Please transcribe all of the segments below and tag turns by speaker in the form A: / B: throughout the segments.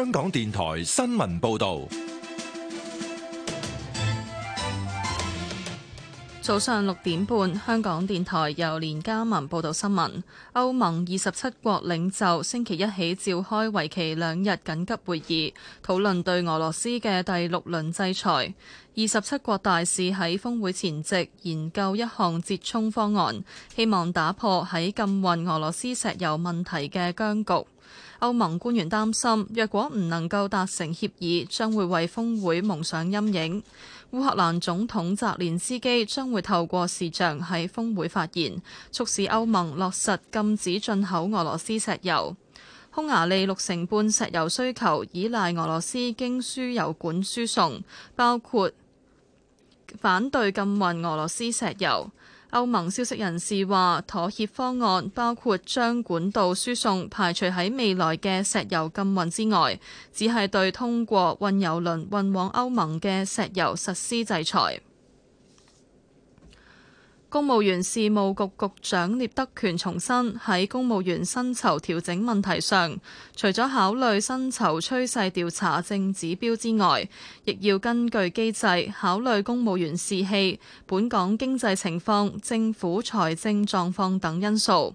A: 香港電台新聞報道，
B: 早上六點半，香港電台由連家文報道新聞。歐盟二十七國領袖星期一起召開為期兩日緊急會議，討論對俄羅斯嘅第六輪制裁。二十七國大使喺峰會前夕研究一項折衷方案，希望打破喺禁運俄羅斯石油問題嘅僵局。歐盟官員擔心，若果唔能夠達成協議，將會為峰會蒙上陰影。烏克蘭總統澤連斯基將會透過視像喺峰會發言，促使歐盟落實禁止進口俄羅斯石油。匈牙利六成半石油需求依賴俄羅斯經輸油管輸送，包括反對禁運俄羅斯石油。歐盟消息人士話，妥協方案包括將管道輸送排除喺未來嘅石油禁運之外，只係對通過運油輪運往歐盟嘅石油實施制裁。公務員事務局局長聶德權重申，喺公務員薪酬調整問題上，除咗考慮薪酬趨勢調查淨指標之外，亦要根據機制考慮公務員士氣、本港經濟情況、政府財政狀況等因素。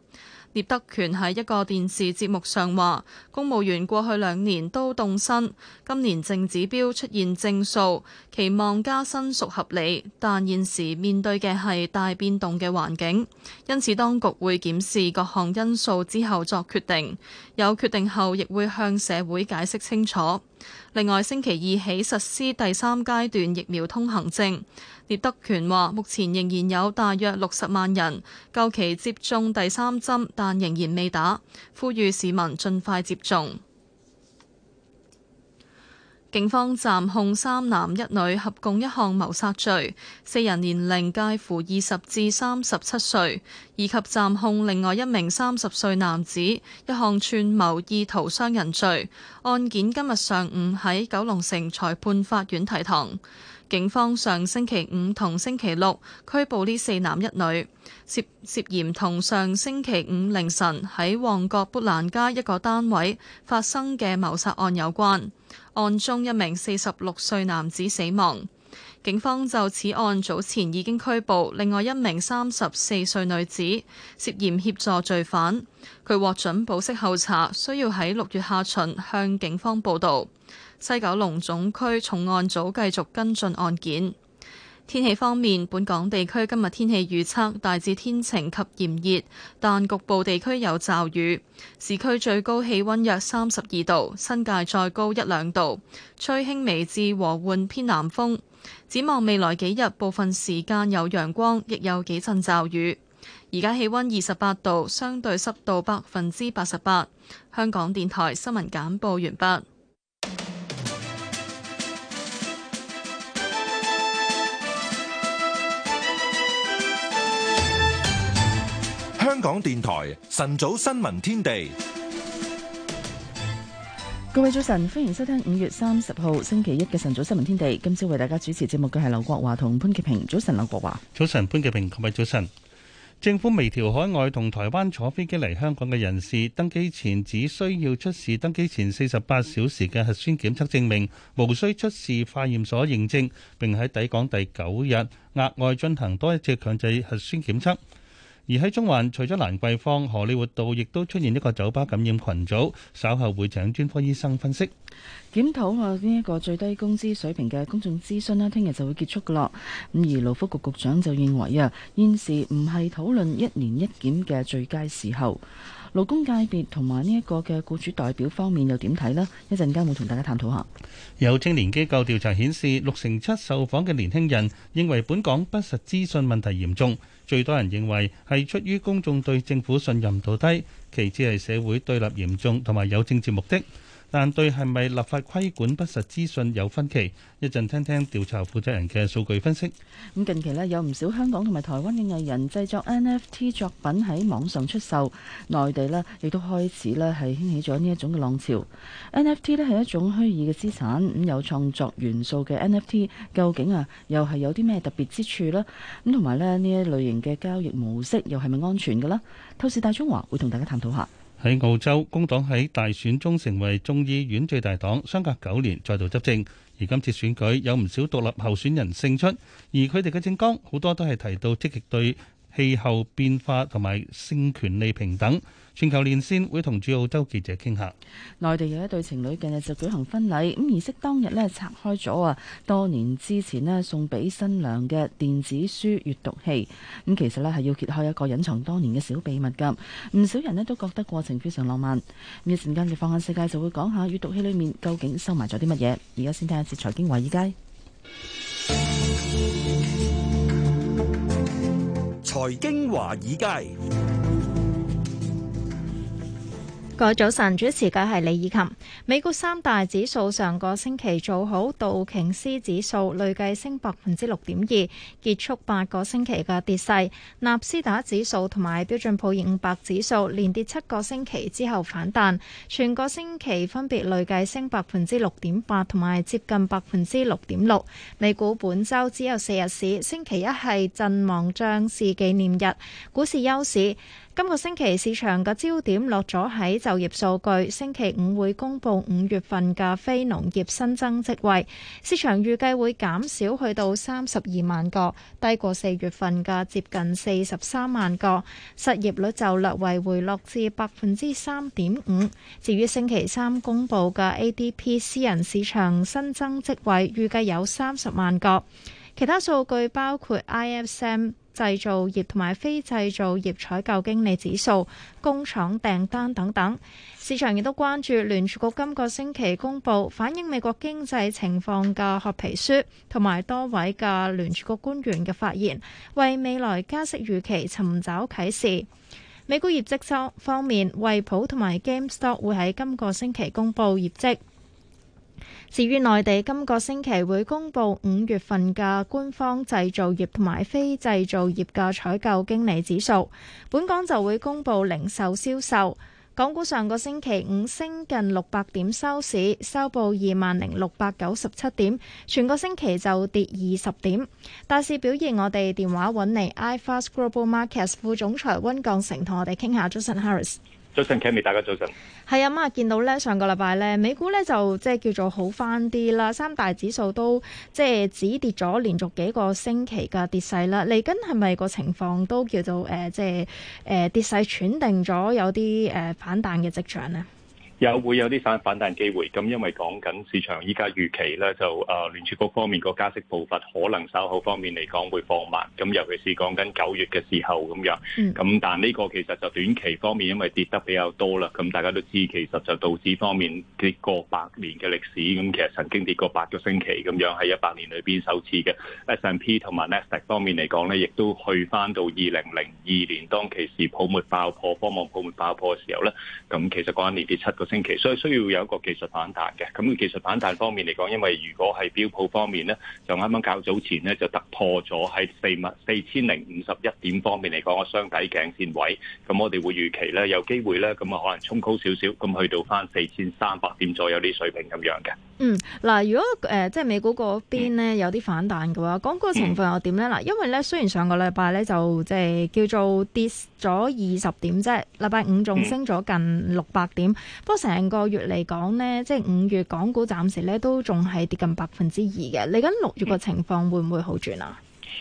B: 聶德權喺一個電視節目上話，公務員過去兩年都凍薪，今年正指標出現正數，期望加薪屬合理。但現時面對嘅係大變動嘅環境，因此當局會檢視各項因素之後作決定。有決定後，亦會向社會解釋清楚。另外，星期二起實施第三階段疫苗通行證。聶德權話：目前仍然有大約六十萬人，夠期接種第三針，但仍然未打，呼籲市民盡快接種。警方暫控三男一女合共一項謀殺罪，四人年齡介乎二十至三十七歲，以及暫控另外一名三十歲男子一項串謀意圖傷人罪。案件今日上午喺九龍城裁判法院提堂。警方上星期五同星期六拘捕呢四男一女，涉涉嫌同上星期五凌晨喺旺角砵蘭街一個單位發生嘅謀殺案有關。案中一名四十六歲男子死亡。警方就此案早前已經拘捕另外一名三十四歲女子，涉嫌協助罪犯。佢獲准保釋候查，需要喺六月下旬向警方報到。西九龍總區重案組繼續跟進案件。天氣方面，本港地區今日天氣預測大致天晴及炎熱，但局部地區有驟雨。市區最高氣温約三十二度，新界再高一兩度，吹輕微至和緩偏南風。展望未來幾日，部分時間有陽光，亦有幾陣驟雨。而家氣温二十八度，相對濕度百分之八十八。香港電台新聞簡報完畢。
A: 香港電台晨早新聞天地，
C: 各位早晨，歡迎收聽五月三十號星期一嘅晨早新聞天地。今朝為大家主持節目嘅係劉國華同潘潔平。早晨，劉國華。
D: 早晨，潘潔平。各位早晨。政府微調海外同台灣坐飛機嚟香港嘅人士登機前，只需要出示登機前四十八小時嘅核酸檢測證明，無需出示化驗所認證，並喺抵港第九日額外進行多一次強制核酸檢測。而喺中環，除咗蘭桂坊、荷李活道，亦都出現一個酒吧感染群組，稍後會請專科醫生分析
C: 檢討下呢一個最低工資水平嘅公眾諮詢啦，聽日就會結束噶啦。咁而勞福局局長就認為啊，現時唔係討論一年一檢嘅最佳時候。勞工界別同埋呢一個嘅僱主代表方面又點睇呢？一陣間會同大家探討下。
D: 有青年機構調查顯示，六成七受訪嘅年輕人認為本港不實資訊問題嚴重。最多人認為係出於公眾對政府信任度低，其次係社會對立嚴重，同埋有政治目的。但對係咪立法規管不實資訊有分歧。一陣聽聽調查負責人嘅數據分析。咁
C: 近期咧有唔少香港同埋台灣嘅藝人製作 NFT 作品喺網上出售，內地呢亦都開始咧係興起咗呢一種嘅浪潮。NFT 咧係一種虛擬嘅資產，咁有創作元素嘅 NFT 究竟啊又係有啲咩特別之處呢？咁同埋咧呢一類型嘅交易模式又係咪安全嘅呢？透視大中華會同大家探討下。
D: 喺澳洲，工黨喺大選中成為眾議院最大黨，相隔九年再度執政。而今次選舉有唔少獨立候選人勝出，而佢哋嘅政綱好多都係提到積極對氣候變化同埋性權利平等。全球連線會同駐澳洲記者傾下，
C: 內地有一對情侶近日就舉行婚禮，咁儀式當日咧拆開咗啊，多年之前咧送俾新娘嘅電子書閱讀器，咁、嗯、其實咧係要揭開一個隱藏多年嘅小秘密噶，唔少人咧都覺得過程非常浪漫。咁一陣間就放眼世界就會講下閱讀器裏面究竟收埋咗啲乜嘢，而家先睇下次財經華爾街。財經華爾街。
E: 各位早晨，主持嘅係李以琴。美股三大指數上個星期做好，道瓊斯指數累計升百分之六點二，結束八個星期嘅跌勢。納斯達克指數同埋標準普爾五百指數連跌七個星期之後反彈，全個星期分別累計升百分之六點八同埋接近百分之六點六。美股本周只有四日市，星期一係陣亡將士紀念日，股市休市。今個星期市場嘅焦點落咗喺就業數據，星期五會公布五月份嘅非農業新增職位，市場預計會減少去到三十二萬個，低過四月份嘅接近四十三萬個。失業率就略為回落至百分之三點五。至於星期三公布嘅 ADP 私人市場新增職位，預計有三十萬個。其他數據包括 ISM。製造業同埋非製造業採購經理指數、工廠訂單等等，市場亦都關注聯儲局今個星期公佈反映美國經濟情況嘅褐皮書同埋多位嘅聯儲局官員嘅發言，為未來加息預期尋找啟示。美股業績方方面，惠普同埋 GameStop 會喺今個星期公佈業績。至於內地今個星期會公布五月份嘅官方製造業同埋非製造業嘅採購經理指數，本港就會公布零售銷售。港股上個星期五升近六百點收市，收報二萬零六百九十七點，全個星期就跌二十點。大市表現，我哋電話揾嚟，iFast Global Markets 副總裁温鋼成同我哋傾下，Justin Harris。
F: 早晨，Kami，
E: 大家早晨。係啊，咁啊，見到咧，上個禮拜咧，美股咧就即係叫做好翻啲啦，三大指數都即係止跌咗，連續幾個星期嘅跌勢啦。嚟緊係咪個情況都叫做誒、呃，即係誒、呃、跌勢喘定咗，有啲誒反彈嘅跡象咧？
F: 有會有啲反反彈機會，咁因為講緊市場依家預期咧，就誒、啊、聯儲局方面個加息步伐可能稍後方面嚟講會放慢，咁尤其是講緊九月嘅時候咁樣。咁但呢個其實就短期方面，因為跌得比較多啦，咁大家都知其實就道指方面跌過百年嘅歷史，咁其實曾經跌過八個星期咁樣，喺一百年裏邊首次嘅 S&P 同埋 Nasdaq 方面嚟講咧，亦都去翻到二零零二年當其時泡沫爆破、科網泡沫爆破嘅時候咧，咁其實嗰一年跌七個星期。星期， 所以需要有一個技術反彈嘅咁。個、嗯、技術反彈方面嚟講，因為如果係標普方面呢，就啱啱較早前呢，就突破咗喺四萬四千零五十一點方面嚟講個雙底頸線位。咁我哋會預期呢，有機會呢，咁啊，可能衝高少少咁去到返四千三百點左右啲水平咁樣嘅。
D: 嗯，
E: 嗱，如果誒即係美股嗰邊呢有啲反彈嘅話，港股嘅情況又點呢？嗱，因為呢，雖然上個禮拜呢，就即係叫做跌咗二十點，即係禮拜五仲升咗近六百點。成個月嚟講咧，即係五月港股暫時咧都仲係跌近百分之二嘅。嚟緊六月嘅情況會唔會好轉啊？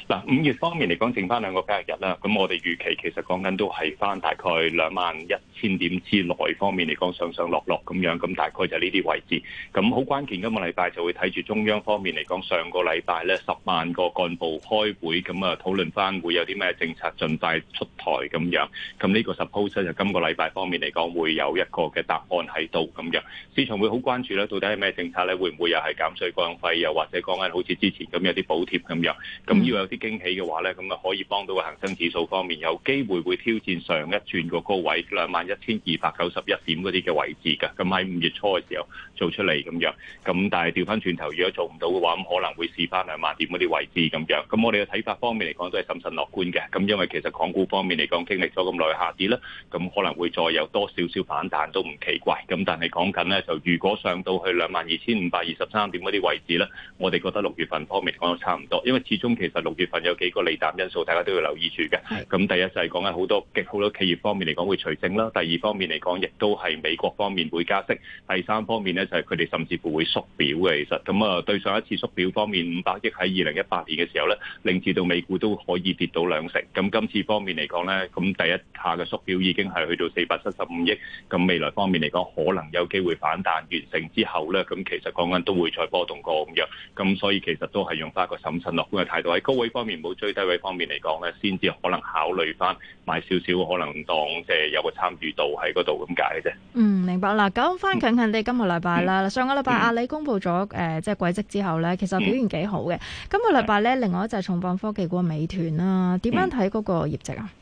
F: 嗱，五月方面嚟講，剩翻兩個交易日啦。咁我哋預期其實講緊都係翻大概兩萬一千點之內方面嚟講上上落落咁樣，咁大概就呢啲位置。咁好關鍵今個禮拜就會睇住中央方面嚟講，上個禮拜咧十萬個幹部開會，咁啊討論翻會有啲咩政策盡快出台咁樣。咁呢個 suppose 就今個禮拜方面嚟講會有一個嘅答案喺度咁樣，市場會好關注啦，到底係咩政策咧？會唔會又係減稅降費，又或者講緊好似之前咁有啲補貼咁樣？咁呢樣。有啲驚喜嘅話呢，咁啊可以幫到個恒生指數方面有機會會挑戰上一轉個高位兩萬一千二百九十一點嗰啲嘅位置嘅。咁喺五月初嘅時候做出嚟咁樣，咁但係掉返轉頭，如果做唔到嘅話，咁可能會試返兩萬點嗰啲位置咁樣。咁我哋嘅睇法方面嚟講都係審慎樂觀嘅。咁因為其實港股方面嚟講經歷咗咁耐下跌啦，咁可能會再有多少少反彈都唔奇怪。咁但係講緊呢，就如果上到去兩萬二千五百二十三點嗰啲位置呢，我哋覺得六月份方面講差唔多。因為始終其實六月份有幾個利淡因素，大家都要留意住嘅。咁的第一就係講緊好多極好多企業方面嚟講會除淨啦，第二方面嚟講亦都係美國方面會加息，第三方面呢就係佢哋甚至乎會縮表嘅。其實咁啊，對上一次縮表方面五百億喺二零一八年嘅時候呢，令至到美股都可以跌到兩成。咁今次方面嚟講呢，咁第一下嘅縮表已經係去到四百七十五億。咁未來方面嚟講可能有機會反彈完成之後呢，咁其實講緊都會再波動過咁樣。咁所以其實都係用翻一個審慎樂觀嘅態度喺高。嗰方面冇最低位方面嚟講咧，先至可能考慮翻買少少，可能當即係有個參與度喺嗰度咁解啫。
E: 嗯，明白啦。咁翻近近哋，今個禮拜啦，上個禮拜阿里公布咗誒即係季績之後咧，其實表現幾好嘅。嗯，今個禮拜咧，對 另外一隻重磅科技股美團啦，點樣睇嗰個業績啊？嗯嗯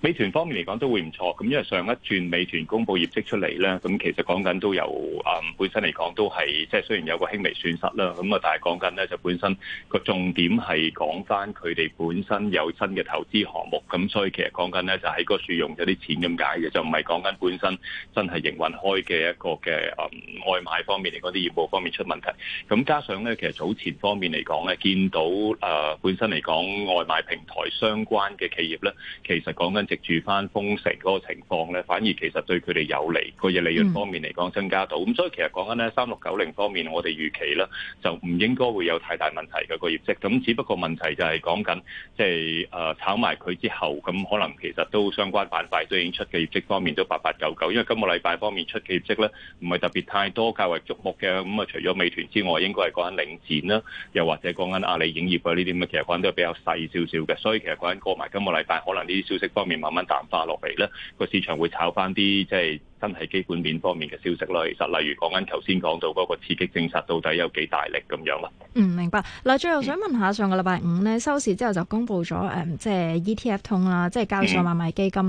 F: 美團方面嚟講都會唔錯，咁因為上一轉美團公布業績出嚟咧，咁其實講緊都由啊本身嚟講都係即係雖然有個輕微損失啦，咁啊但係講緊咧就本身個重點係講翻佢哋本身有新嘅投資項目，咁所以其實講緊咧就喺嗰處用咗啲錢咁解嘅，就唔係講緊本身真係營運開嘅一個嘅啊外賣方面嚟講啲業務方面出問題，咁加上咧其實早前方面嚟講咧見到誒本身嚟講外賣平台相關嘅企業咧，其實講。講直住翻封城嗰個情況咧，反而其實對佢哋有利，個盈利能力方面嚟講增加到。咁、嗯、所以其實講緊咧，三六九零方面，我哋預期咧就唔應該會有太大問題嘅、個業績。咁只不過問題就係講緊即係誒炒埋佢之後，咁可能其實都相關板塊都已經出嘅業績方面都八八九九。因為今個禮拜方面出嘅業績咧，唔係特別太多，較為矚目嘅。咁、嗯、啊，除咗美團之外，應該係講緊領展啦，又或者講緊阿里影業啊呢啲咁嘅。其實講緊都係比較細少少嘅，所以其實講緊過埋今個禮拜，可能呢啲消息。方面慢慢淡化落嚟咧，個市場會炒翻啲即係真係基本面方面嘅消息啦。其實例如講緊頭先講到嗰個刺激政策，到底有幾大力咁樣啦。
E: 嗯，明白。嗱，最後想問下，上個禮拜五咧收市之後就公布咗誒，即係 ETF 通啦，即係交易所買賣基金。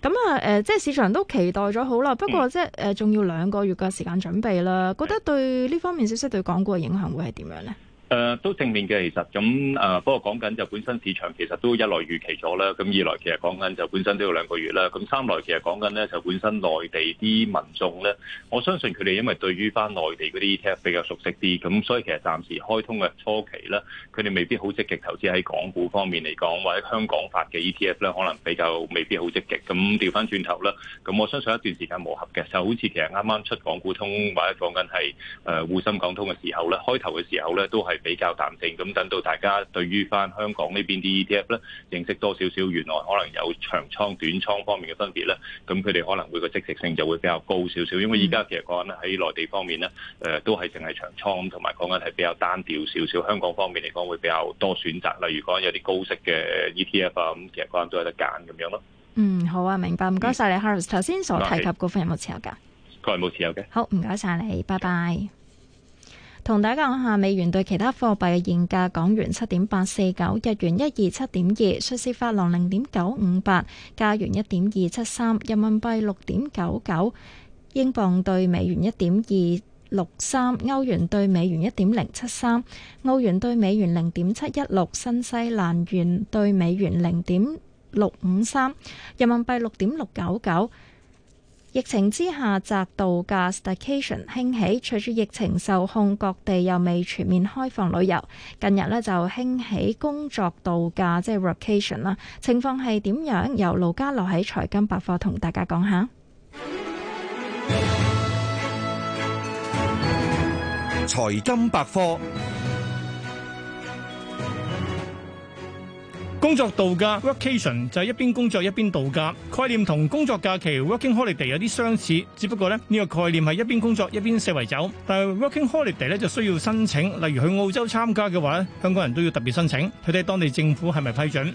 E: 咁啊誒，即係市場都期待咗好啦，不過即係誒仲要兩個月嘅時間準備啦。覺得對呢方面消息對港股嘅影響會係點樣咧？
F: 誒、嗯、都正面嘅，其實咁誒，不過、啊、講緊就本身市場其實都一來預期咗啦，咁二來其實講緊就本身都要兩個月啦，咁三來其實講緊咧就本身內地啲民眾咧，我相信佢哋因為對於翻內地嗰啲 ETF 比較熟悉啲，咁所以其實暫時開通嘅初期咧，佢哋未必好積極投資喺港股方面嚟講，或者香港發嘅 ETF 咧，可能比較未必好積極。咁調翻轉頭啦，咁我相信一段時間磨合嘅，就好似其實啱啱出港股通或者講緊係誒滬深港通嘅時候咧，開頭嘅時候咧都係。比較淡定咁，等到大家對於翻香港呢邊啲 ETF 咧，認識多少少，原來可能有長倉、短倉方面嘅分別咧，咁佢哋可能會個積極性就會比較高少少。因為依家其實講緊喺內地方面咧，誒都係淨係長倉咁，同埋講緊係比較單調少少。香港方面嚟講，會比較多選擇，例如講有啲高息嘅 ETF 咁，其實講緊都有得揀咁樣咯。嗯，
E: 好啊，明白，唔該晒你，Charles，頭先所提及股份有冇持有㗎？個
F: 係冇持有嘅。
E: 好，唔該晒你，拜拜。同大家講下美元對其他貨幣嘅現價：港元七點八四九，日元一二七點二，瑞士法郎零點九五八，加元一點二七三，人民幣六點九九，英鎊對美元一點二六三，歐元對美元一點零七三，澳元對美元零點七一六，新西蘭元對美元零點六五三，人民幣六點六九九。疫情之下，宅度假 （staycation） 興起。隨住疫情受控，各地又未全面開放旅遊，近日咧就興起工作度假，即係 workation 啦。情況係點樣？由盧家樂喺財金百科同大家講下。
A: 財金
G: 百科。工作度假 workation 就係一邊工作一邊度假，概念同工作假期 （working holiday） 有啲相似，只不過咧呢個概念係一邊工作一邊四圍走。但係 working holiday 咧就需要申請，例如去澳洲參加嘅話咧，香港人都要特別申請，睇睇當地政府係咪批准。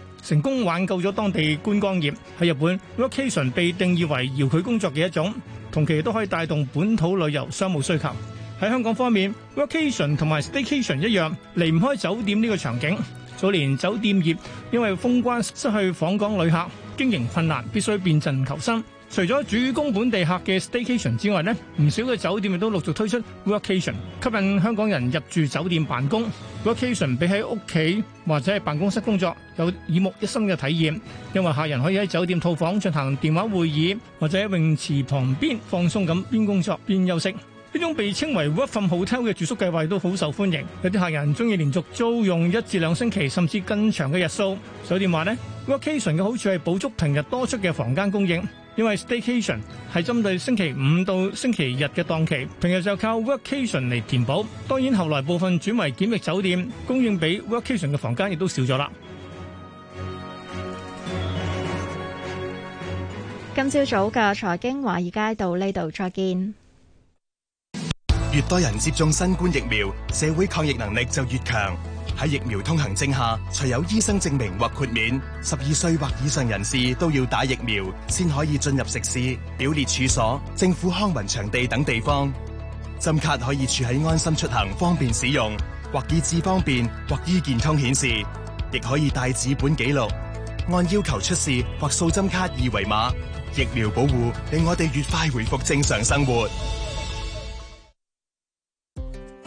G: 成功挽救咗當地觀光業。喺日本，workcation 被定義為遙距工作嘅一種，同期都可以帶動本土旅遊商務需求。喺香港方面，workcation 同埋 staycation 一樣，離唔開酒店呢個場景。早年酒店業因為封關失去訪港旅客，經營困難，必須變陣求生。除咗主攻本地客嘅 staycation 之外，呢唔少嘅酒店亦都陸續推出 workcation 吸引香港人入住酒店辦公。workcation 比喺屋企或者係辦公室工作有耳目一新嘅體驗，因為客人可以喺酒店套房進行電話會議或者喺泳池旁邊放鬆咁邊工作邊休息。呢種被稱為 work from hotel 嘅住宿計劃都好受歡迎。有啲客人中意連續租用一至兩星期，甚至更長嘅日數。酒店話，呢 workcation 嘅好處係補足平日多出嘅房間供應。因為 staycation 係針對星期五到星期日嘅檔期，平日就靠 workation 嚟填補。當然後來部分轉為檢疫酒店，供應比 workation 嘅房間亦都少咗啦。
E: 今朝早嘅財經華爾街到呢度再見。
H: 越多人接種新冠疫苗，社會抗疫能力就越強。
A: 喺疫苗通行證下，除有醫生證明或豁免，十二歲或以上人士都要打疫苗，先可以進入食肆、表列處所、政府康文場地等地方。針卡可以儲喺安心出行，方便使用，或以智方便，或醫健通顯示，亦可以帶紙本記錄，按要求出示或掃針卡二維碼。疫苗保護令我哋越快回復正常生活。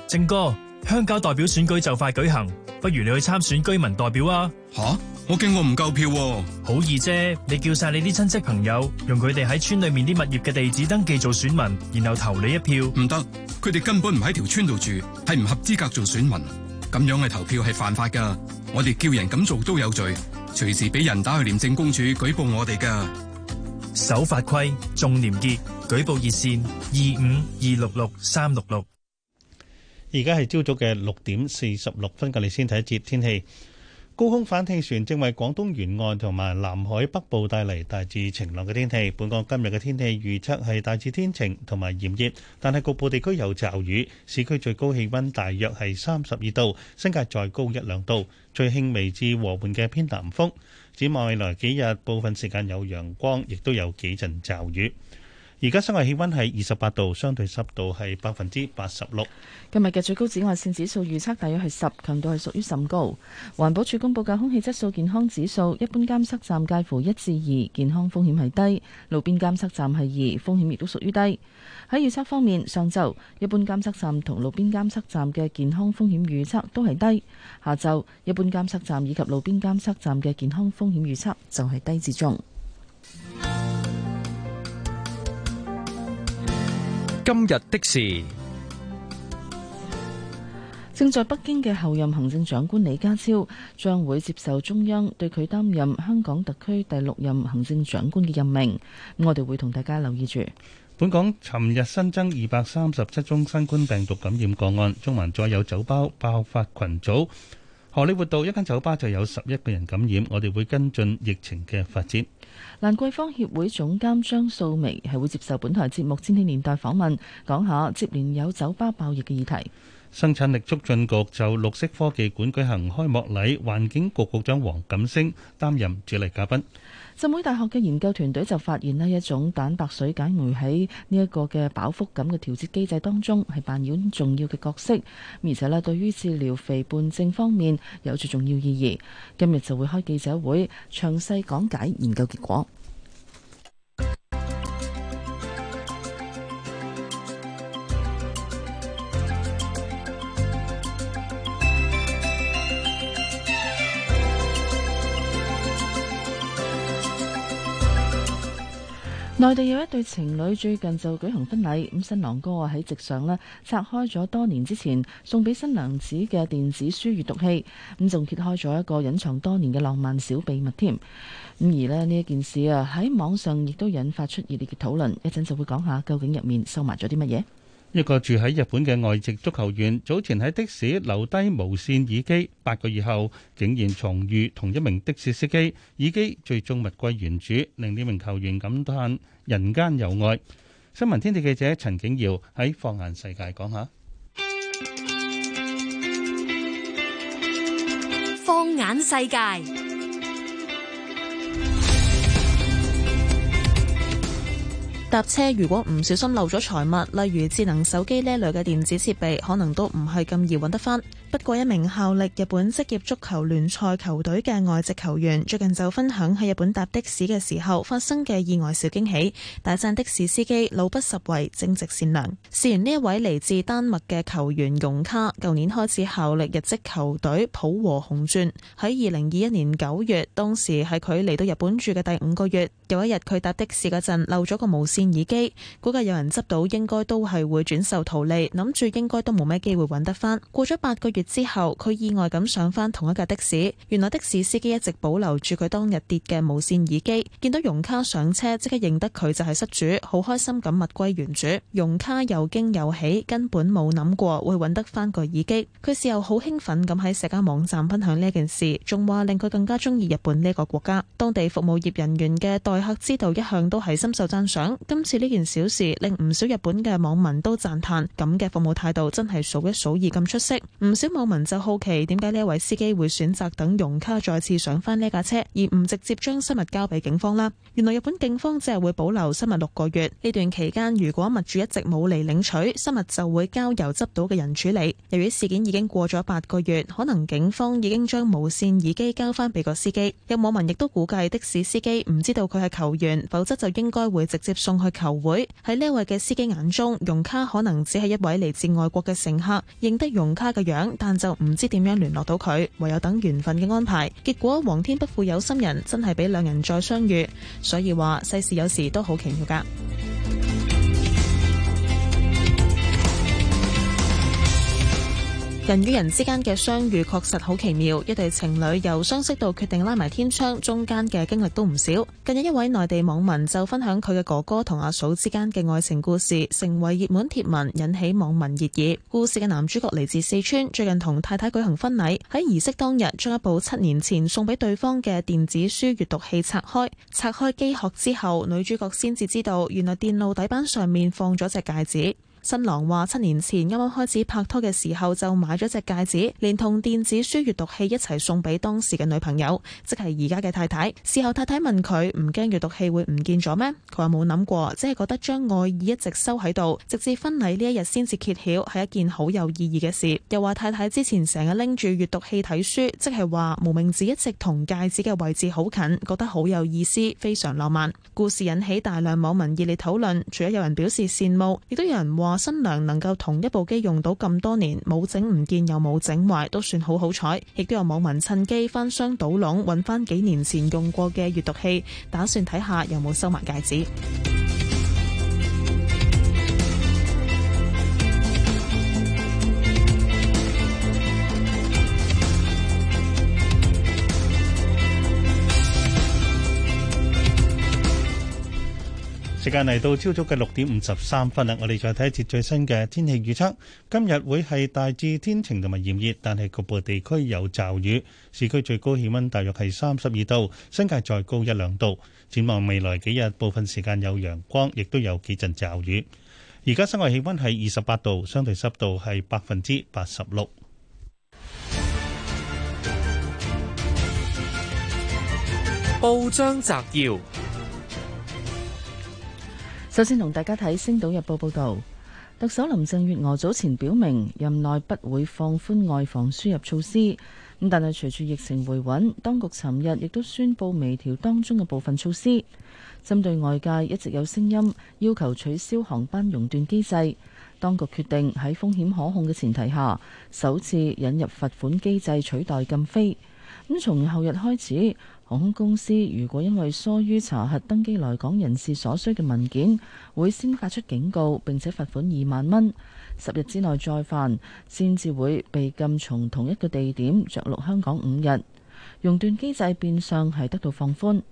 A: 正哥。鄉郊代表選舉就快舉行，不如你去參選居民代表啊！吓、啊，我驚我唔夠票、啊，好易啫、啊！你叫晒你啲親戚朋友，用佢哋喺村裏面啲物業嘅地址登記做選民，然後
G: 投你一票。唔得，佢哋根本唔喺條村度住，係唔合資格做選民。咁樣嘅投票係犯法噶，我哋叫人咁做都有罪，隨時俾人打去廉政公署舉
D: 報我哋噶。守法規，重廉潔，舉報熱線二五二六六三六六。而家係朝早嘅六點四十六分，隔離先睇一節天氣。高空反氣旋正為廣東沿岸同埋南海北部帶嚟大致晴朗嘅天氣。本港今日嘅天氣預測係大致天晴同埋炎熱，但係局部地區有驟雨。市區最高氣溫大約係三十二度，新界再高一兩度。最輕微至和緩嘅偏南風。展望未來幾日，部分時間有陽光，亦都有幾陣驟雨。而家室外氣溫係二十八度，相對濕度係百分之八十六。
C: 今日嘅最高紫外線指數預測大約係十，強度係屬於甚高。環保署公布嘅空氣質素健康指數，一般監測站介乎一至二，健康風險係低；路邊監測站係二，風險亦都屬於低。喺預測方面，上晝一般監測站同路邊監測站嘅健康風險預測都係低。下晝一般監測站以及路邊監測站嘅健康風險預測就係低至
I: 中。 今日的事，
C: 正在北京嘅候任行政長官李家超將會接受中央對佢擔任香港特區第六任行政長官嘅任命。我哋會同大家留意住。
D: 本港尋日新增二百三十七宗新冠病毒感染個案，中環再有酒吧爆發群組。荷里活道一間酒吧就有十一個人感染，我哋會跟進疫情嘅發展。
C: 蘭桂坊協會總監張素眉係會接受本台節目《千禧年代》訪問，講下接連有酒吧爆疫嘅議題。
D: 生產力促進局就綠色科技館舉行開幕禮，環境局局長黃錦星擔任主禮嘉賓。
C: 浸會大學嘅研究團隊就發現呢一種蛋白水解酶喺呢一個嘅飽腹感嘅調節機制當中係扮演重要嘅角色，而且咧對於治療肥胖症方面有住重要意義。今日就會開記者會，詳細講解研究結果。內地有一對情侶最近就舉行婚禮，咁新郎哥啊喺席上呢拆開咗多年之前送俾新娘子嘅電子書閱讀器，咁仲揭開咗一個隱藏多年嘅浪漫小秘密添。咁而呢呢一件事啊喺網上亦都引發出熱烈嘅討論，一陣就會講下究竟入面收埋咗啲乜嘢。
D: 一個住喺日本嘅外籍足球員，早前喺的士留低無線耳機，八個月後竟然重遇同一名的士司機，耳機最終物歸原主，令呢名球員感嘆人間有愛。新聞天地記者陳景瑤喺放眼世界講下。
J: 放眼世界。
K: 搭車如果唔小心漏咗財物，例如智能手機呢類嘅電子設備，可能都唔係咁易揾得返。不過一名效力日本職業足球聯賽球隊嘅外籍球員，最近就分享喺日本搭的士嘅時候發生嘅意外小驚喜，大讚的士司機路不拾遺，正直善良。事緣呢一位嚟自丹麥嘅球員容卡，舊年開始效力日職球隊浦和紅鑽。喺二零二一年九月，當時係佢嚟到日本住嘅第五個月，有一日佢搭的士嗰陣漏咗個無線耳機，估計有人執到，應該都係會轉售圖利，諗住應該都冇咩機會揾得返。過咗八個月。之後佢意外咁上返同一架的士，原來的士司機一直保留住佢當日跌嘅無線耳機，見到容卡上車，即刻認得佢就係失主，好開心咁物歸原主。容卡又驚又喜，根本冇諗過會揾得返個耳機。佢事後好興奮咁喺社交網站分享呢件事，仲話令佢更加中意日本呢個國家。當地服務業人員嘅待客之道一向都係深受讚賞，今次呢件小事令唔少日本嘅網民都讚嘆，咁嘅服務態度真係數一數二咁出色，唔少。網民就好奇點解呢位司機會選擇等容卡再次上翻呢架車，而唔直接將失物交俾警方啦。原來日本警方只係會保留失物六個月，呢段期間如果物主一直冇嚟領取，失物就會交由執到嘅人處理。由於事件已經過咗八個月，可能警方已經將無線耳機交翻俾個司機。有網民亦都估計的士司機唔知道佢係球員，否則就應該會直接送去球會。喺呢位嘅司機眼中，容卡可能只係一位嚟自外國嘅乘客，認得容卡嘅樣，但就唔知點樣聯絡到佢，唯有等緣分嘅安排。結果，皇天不負有心人，真係俾兩人再相遇。所以話，世事有時都好奇妙㗎。人與人之間嘅相遇確實好奇妙，一對情侶由相識到決定拉埋天窗，中間嘅經歷都唔少。近日一位內地網民就分享佢嘅哥哥同阿嫂之間嘅愛情故事，成為熱門貼文，引起網民熱議。故事嘅男主角嚟自四川，最近同太太舉行婚禮，喺儀式當日將一部七年前送俾對方嘅電子書閱讀器拆開，拆開機殼之後，女主角先至知道原來電路底板上面放咗隻戒指。新郎話：七年前啱啱開始拍拖嘅時候就買咗隻戒指，連同電子書閱讀器一齊送俾當時嘅女朋友，即係而家嘅太太。事後太太問佢唔驚閱讀器會唔見咗咩？佢話冇諗過，只係覺得將愛意一直收喺度，直至婚禮呢一日先至揭曉，係一件好有意義嘅事。又話太太之前成日拎住閱讀器睇書，即係話無名指一直同戒指嘅位置好近，覺得好有意思，非常浪漫。故事引起大量網民熱烈討論，除咗有人表示羨慕，亦都有人話。話新娘能夠同一部機用到咁多年，冇整唔見又冇整壞，都算好好彩。亦都有網民趁機翻箱倒籠，揾返幾年前用過嘅閲讀器，打算睇下有冇收埋戒指。
D: 時間嚟到朝早嘅六點五十三分啦，我哋再睇一次最新嘅天氣預測。今日會係大致天晴同埋炎熱，但係局部地區有驟雨。市區最高氣溫大約係三十二度，新界再高一兩度。展望未來幾日，部分時間有陽光，亦都有幾陣驟雨。而家室外氣溫係二十八度，相對濕度係百分之八十六。報章摘要。
C: 首先同大家睇《星島日報》報導，特首林鄭月娥早前表明任內不會放寬外防輸入措施，咁但係隨住疫情回穩，當局尋日亦都宣布微調當中嘅部分措施。針對外界一直有聲音要求取消航班熔斷機制，當局決定喺風險可控嘅前提下，首次引入罰款機制取代禁飛。咁從後日開始，航空公司如果因為疏於查核登機來港人士所需嘅文件，會先發出警告並且罰款二萬蚊，十日之內再犯先至會被禁從同一個地點着陸香港五日。熔斷機制變相係得到放寬。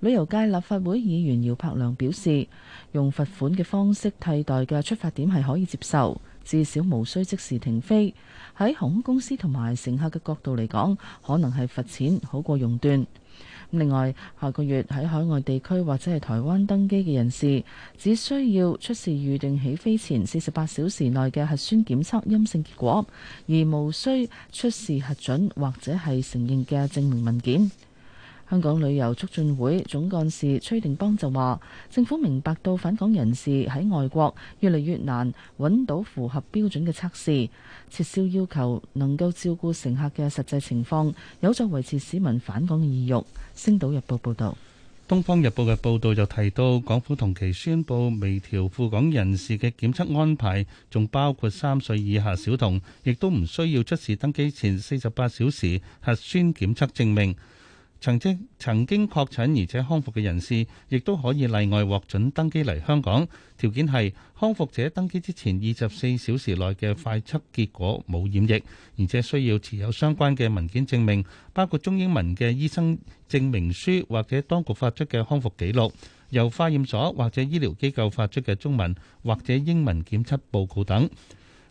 C: 旅遊界立法會議員姚柏良表示，用罰款嘅方式替代嘅出發點係可以接受，至少無需即時停飛。喺航空公司同埋乘客嘅角度嚟講可能係罰錢好過熔斷。另外，下個月喺海外地區或者係台灣登機嘅人士，只需要出示預定起飛前四十八小時內嘅核酸檢測陰性結果，而無需出示核准或者係承認嘅證明文件。香港旅遊促進會總幹事崔定邦就話：政府明白到返港人士喺外國越嚟越難揾到符合標準嘅測試，撤銷要求能夠照顧乘客嘅實際情況，有助維持市民返港嘅意欲。《星島日報》報導，《東
D: 方日報》嘅報導就提到，港府同期宣布微調赴港人士嘅檢測安排，仲包括三歲以下小童，亦都唔需要出示登機前四十八小時核酸檢測證明。曾經曾經確診而且康復嘅人士，亦都可以例外獲准登機嚟香港。條件係康復者登機之前二十四小時內嘅快測結果冇染疫，而且需要持有相關嘅文件證明，包括中英文嘅醫生證明書或者當局發出嘅康復記錄，由化驗所或者醫療機構發出嘅中文或者英文檢測報告等。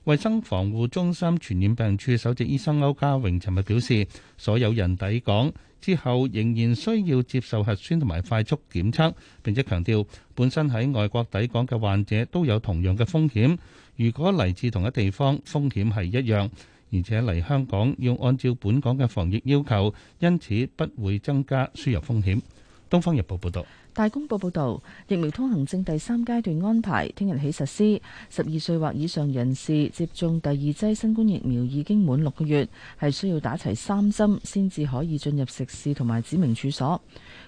D: 衛生防護中心傳染病處首席醫生歐家榮尋日表示，所有人抵港之後仍然需要接受核酸同埋快速檢測，並且強調本身喺外國抵港嘅患者都有同樣嘅風險，如果嚟自同一地方，風險係一樣，而且嚟香港要按照本港嘅防疫要求，因此不會增加輸入風險。東方日報報道。
C: 大公報報導，疫苗通行證第三階段安排，聽日起實施。十二歲或以上人士接種第二劑新冠疫苗已經滿六個月，係需要打齊三針先至可以進入食肆同埋指明處所。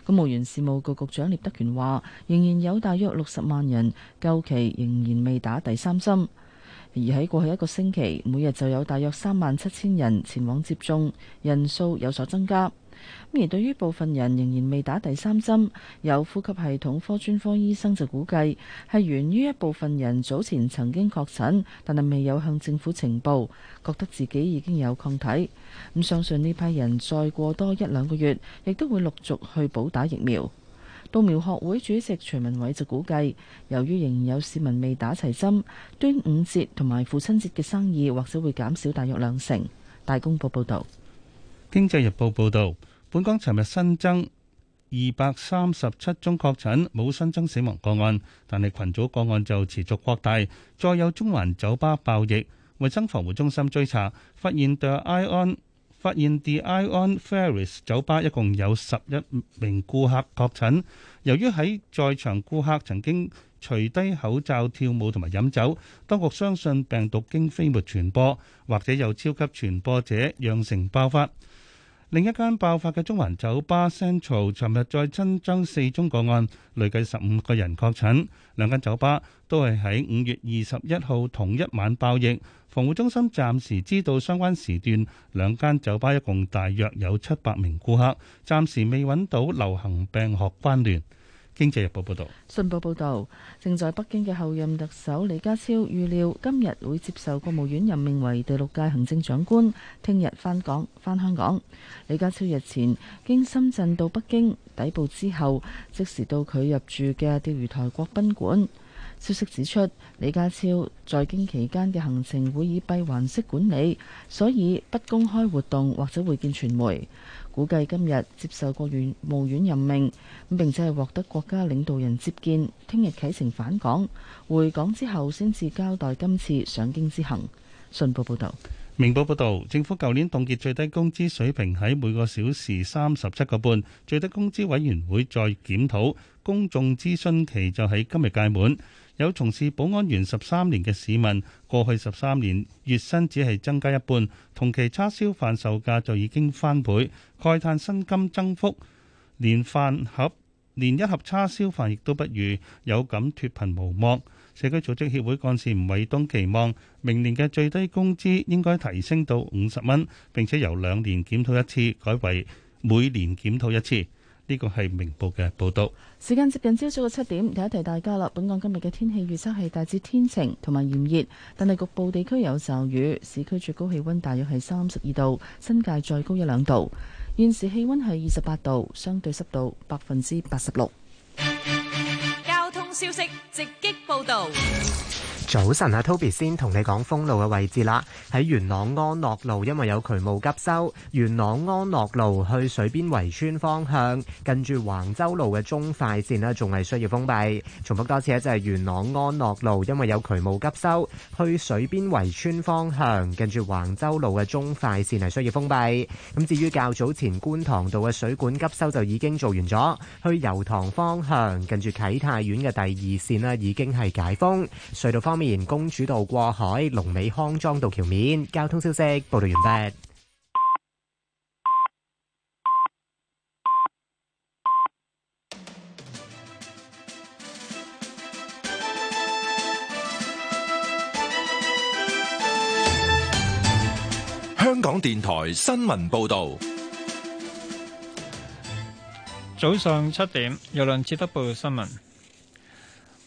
C: 公務員事務局局長聶德權話，仍然有大約六十萬人，逾期仍然未打第三針。而喺過去一個星期，每日就有大約三萬七千人前往接種，人數有所增加。咁而對於部分人仍然未打第三針，有呼吸系統科專科醫生就估計係源於一部分人早前曾經確診，但係未有向政府呈報，覺得自己已經有抗體。咁相信呢批人再過多一兩個月，亦都會陸續去補打疫苗。稻苗學會主席徐文偉就估計，由於仍然有市民未打齊針，端午節同埋父親節嘅生意或者會減少大約兩成。大公報報導。
D: 《經濟日報》報導。本港尋日新增二百三十七宗確診，冇新增死亡個案，但係群組個案就持續擴大，再有中環酒吧爆疫。衞生防護中心追查，發現 The Ion 發現 The Ion Ferris 酒吧一共有十一名顧客確診，由於喺在，在場顧客曾經除低口罩跳舞同埋飲酒，當局相信病毒經飛沫傳播，或者有超級傳播者釀成爆發。另一間爆發嘅中環酒吧 Central，尋日再新增四宗個案，累計十五個人確診。兩間酒吧都係喺五月二十一號同一晚爆疫。防護中心暫時知道相關時段，兩間酒吧一共大約有七百名顧客，暫時未揾到流行病學關聯。經濟日報報道，
C: 信報報道，正在北京嘅候任特首李家超預料今日會接受國務院任命為第六屆行政長官，聽日返港，返香港。李家超日前經深圳到北京抵埗之後，即時到佢入住嘅釣魚台國賓館。消息指出，李家超在京期間嘅行程會以閉環式管理，所以不公開活動或者會見傳媒。估計今日接受國務院任命，咁並且係獲得國家領導人接見。聽日啟程返港，回港之後先至交代今次上京之行。信報報導，
D: 明報報導，政府舊年凍結最低工資水平喺每個小時三十七個半，最低工資委員會再檢討，公眾諮詢期就喺今日屆滿。有從事保安員十三年嘅市民，過去十三年月薪只係增加一半，同期叉燒飯售價就已經翻倍，慨嘆薪金增幅連飯盒連一盒叉燒飯亦都不如，有感脫貧無望。社區組織協會幹事吳偉東期望明年嘅最低工資應該提升到五十蚊，並且由兩年檢討一次改為每年檢討一次。呢個係明報嘅報道。
C: 時間接近朝早嘅七點，提一提大家啦。本港今日嘅天氣預測係大致天晴同埋炎熱，但係局部地區有驟雨。市區最高氣温大約係三十二度，新界再高一兩度。現時氣温係二十八度，相對濕度百分之八十六。
B: 交通消息直擊報道。
L: 早晨啊，Toby 先同你講封路嘅位置啦。喺元朗安樂路，因為有渠務急修，元朗安樂路去水邊圍村方向，近住橫洲路嘅中快線咧，仲係需要封閉。重複多次咧，就係、是、元朗安樂路，因為有渠務急修去水邊圍村方向，近住橫洲路嘅中快線係需要封閉。咁至於較早前觀塘道嘅水管急修就已經做完咗，去油塘方向，近住啟泰苑嘅第二線咧已經係解封。隧道方面，連公主道過海，龍尾康莊道橋面，交通消息報道完畢。
M: 香港電台新聞報道，早上七點有兩次得報新聞。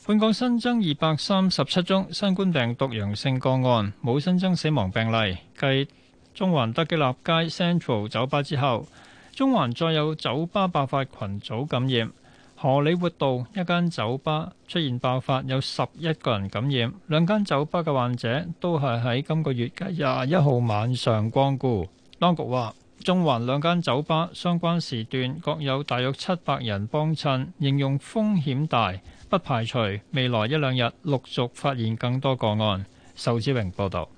M: 本港新增二百三十七宗新冠病毒陽性個案，冇新增死亡病例。繼中環德己立街 Central 酒吧之後，中環再有酒吧爆發群組感染。荷李活道一間酒吧出現爆發，有十一個人感染。兩間酒吧嘅患者都係喺今個月嘅廿一號晚上光顧。當局話，中環兩間酒吧相關時段各有大約七百人幫襯，形容風險大。不排除未來一兩日陸續發現更多個案。
I: 仇志榮報導。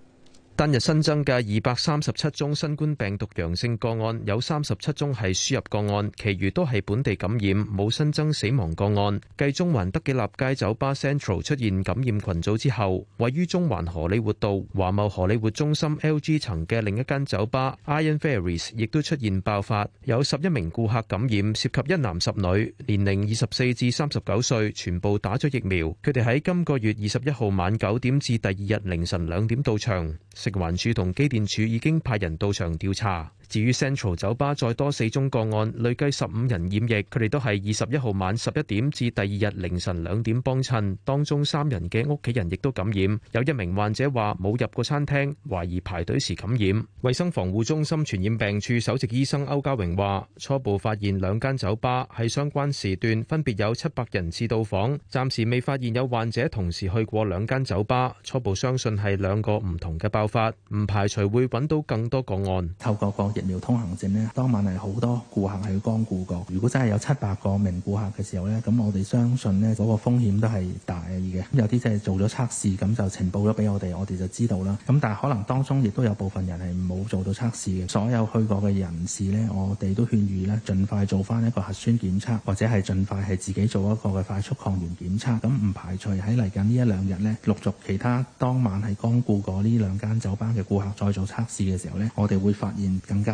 I: 單日新增嘅二百三十七宗新冠病毒陽性個案，有三十七宗係輸入個案，其餘都係本地感染，冇新增死亡個案。繼中環德己立街酒吧 Central 出現感染群組之後，位於中環荷李活道華茂荷李活中心 LG 層嘅另一間酒吧 Iron Fairies 亦都出現爆發，有十一名顧客感染，涉及一男十女，年齡二十四至三十九歲，全部打咗疫苗。佢哋喺今個月二十一號晚九點至第二日凌晨兩點到場。環署同機電署已經派人到場調查。至於 Central 酒吧再多四宗個案，累計十五人染疫，佢哋都係二十一號晚十一點至第二日凌晨兩點幫襯，當中三人嘅屋企人亦都感染。有一名患者話冇入過餐廳，懷疑排隊時感染。衛生防護中心傳染病處首席醫生歐家榮話：初步發現兩間酒吧喺相關時段分別有七百人次到訪，暫時未發現有患者同時去過兩間酒吧，初步相信係兩個唔同嘅爆發，唔排除會揾到更多個案。
N: 透過疫苗通行證呢，當晚係好多顧客係去光顧過。如果真係有七八個名顧客嘅時候呢，咁我哋相信呢嗰個風險都係大嘅。有啲即係做咗測試，咁就呈報咗俾我哋，我哋就知道啦。咁但係可能當中亦都有部分人係冇做到測試嘅。所有去過嘅人士呢，我哋都勸喻呢，盡快做翻一個核酸檢測，或者係盡快係自己做一個嘅快速抗原檢測。咁唔排除喺嚟緊呢一兩日呢，陸續其他當晚係光顧過呢兩間酒吧嘅顧客再做測試嘅時候呢，我哋會發現更加。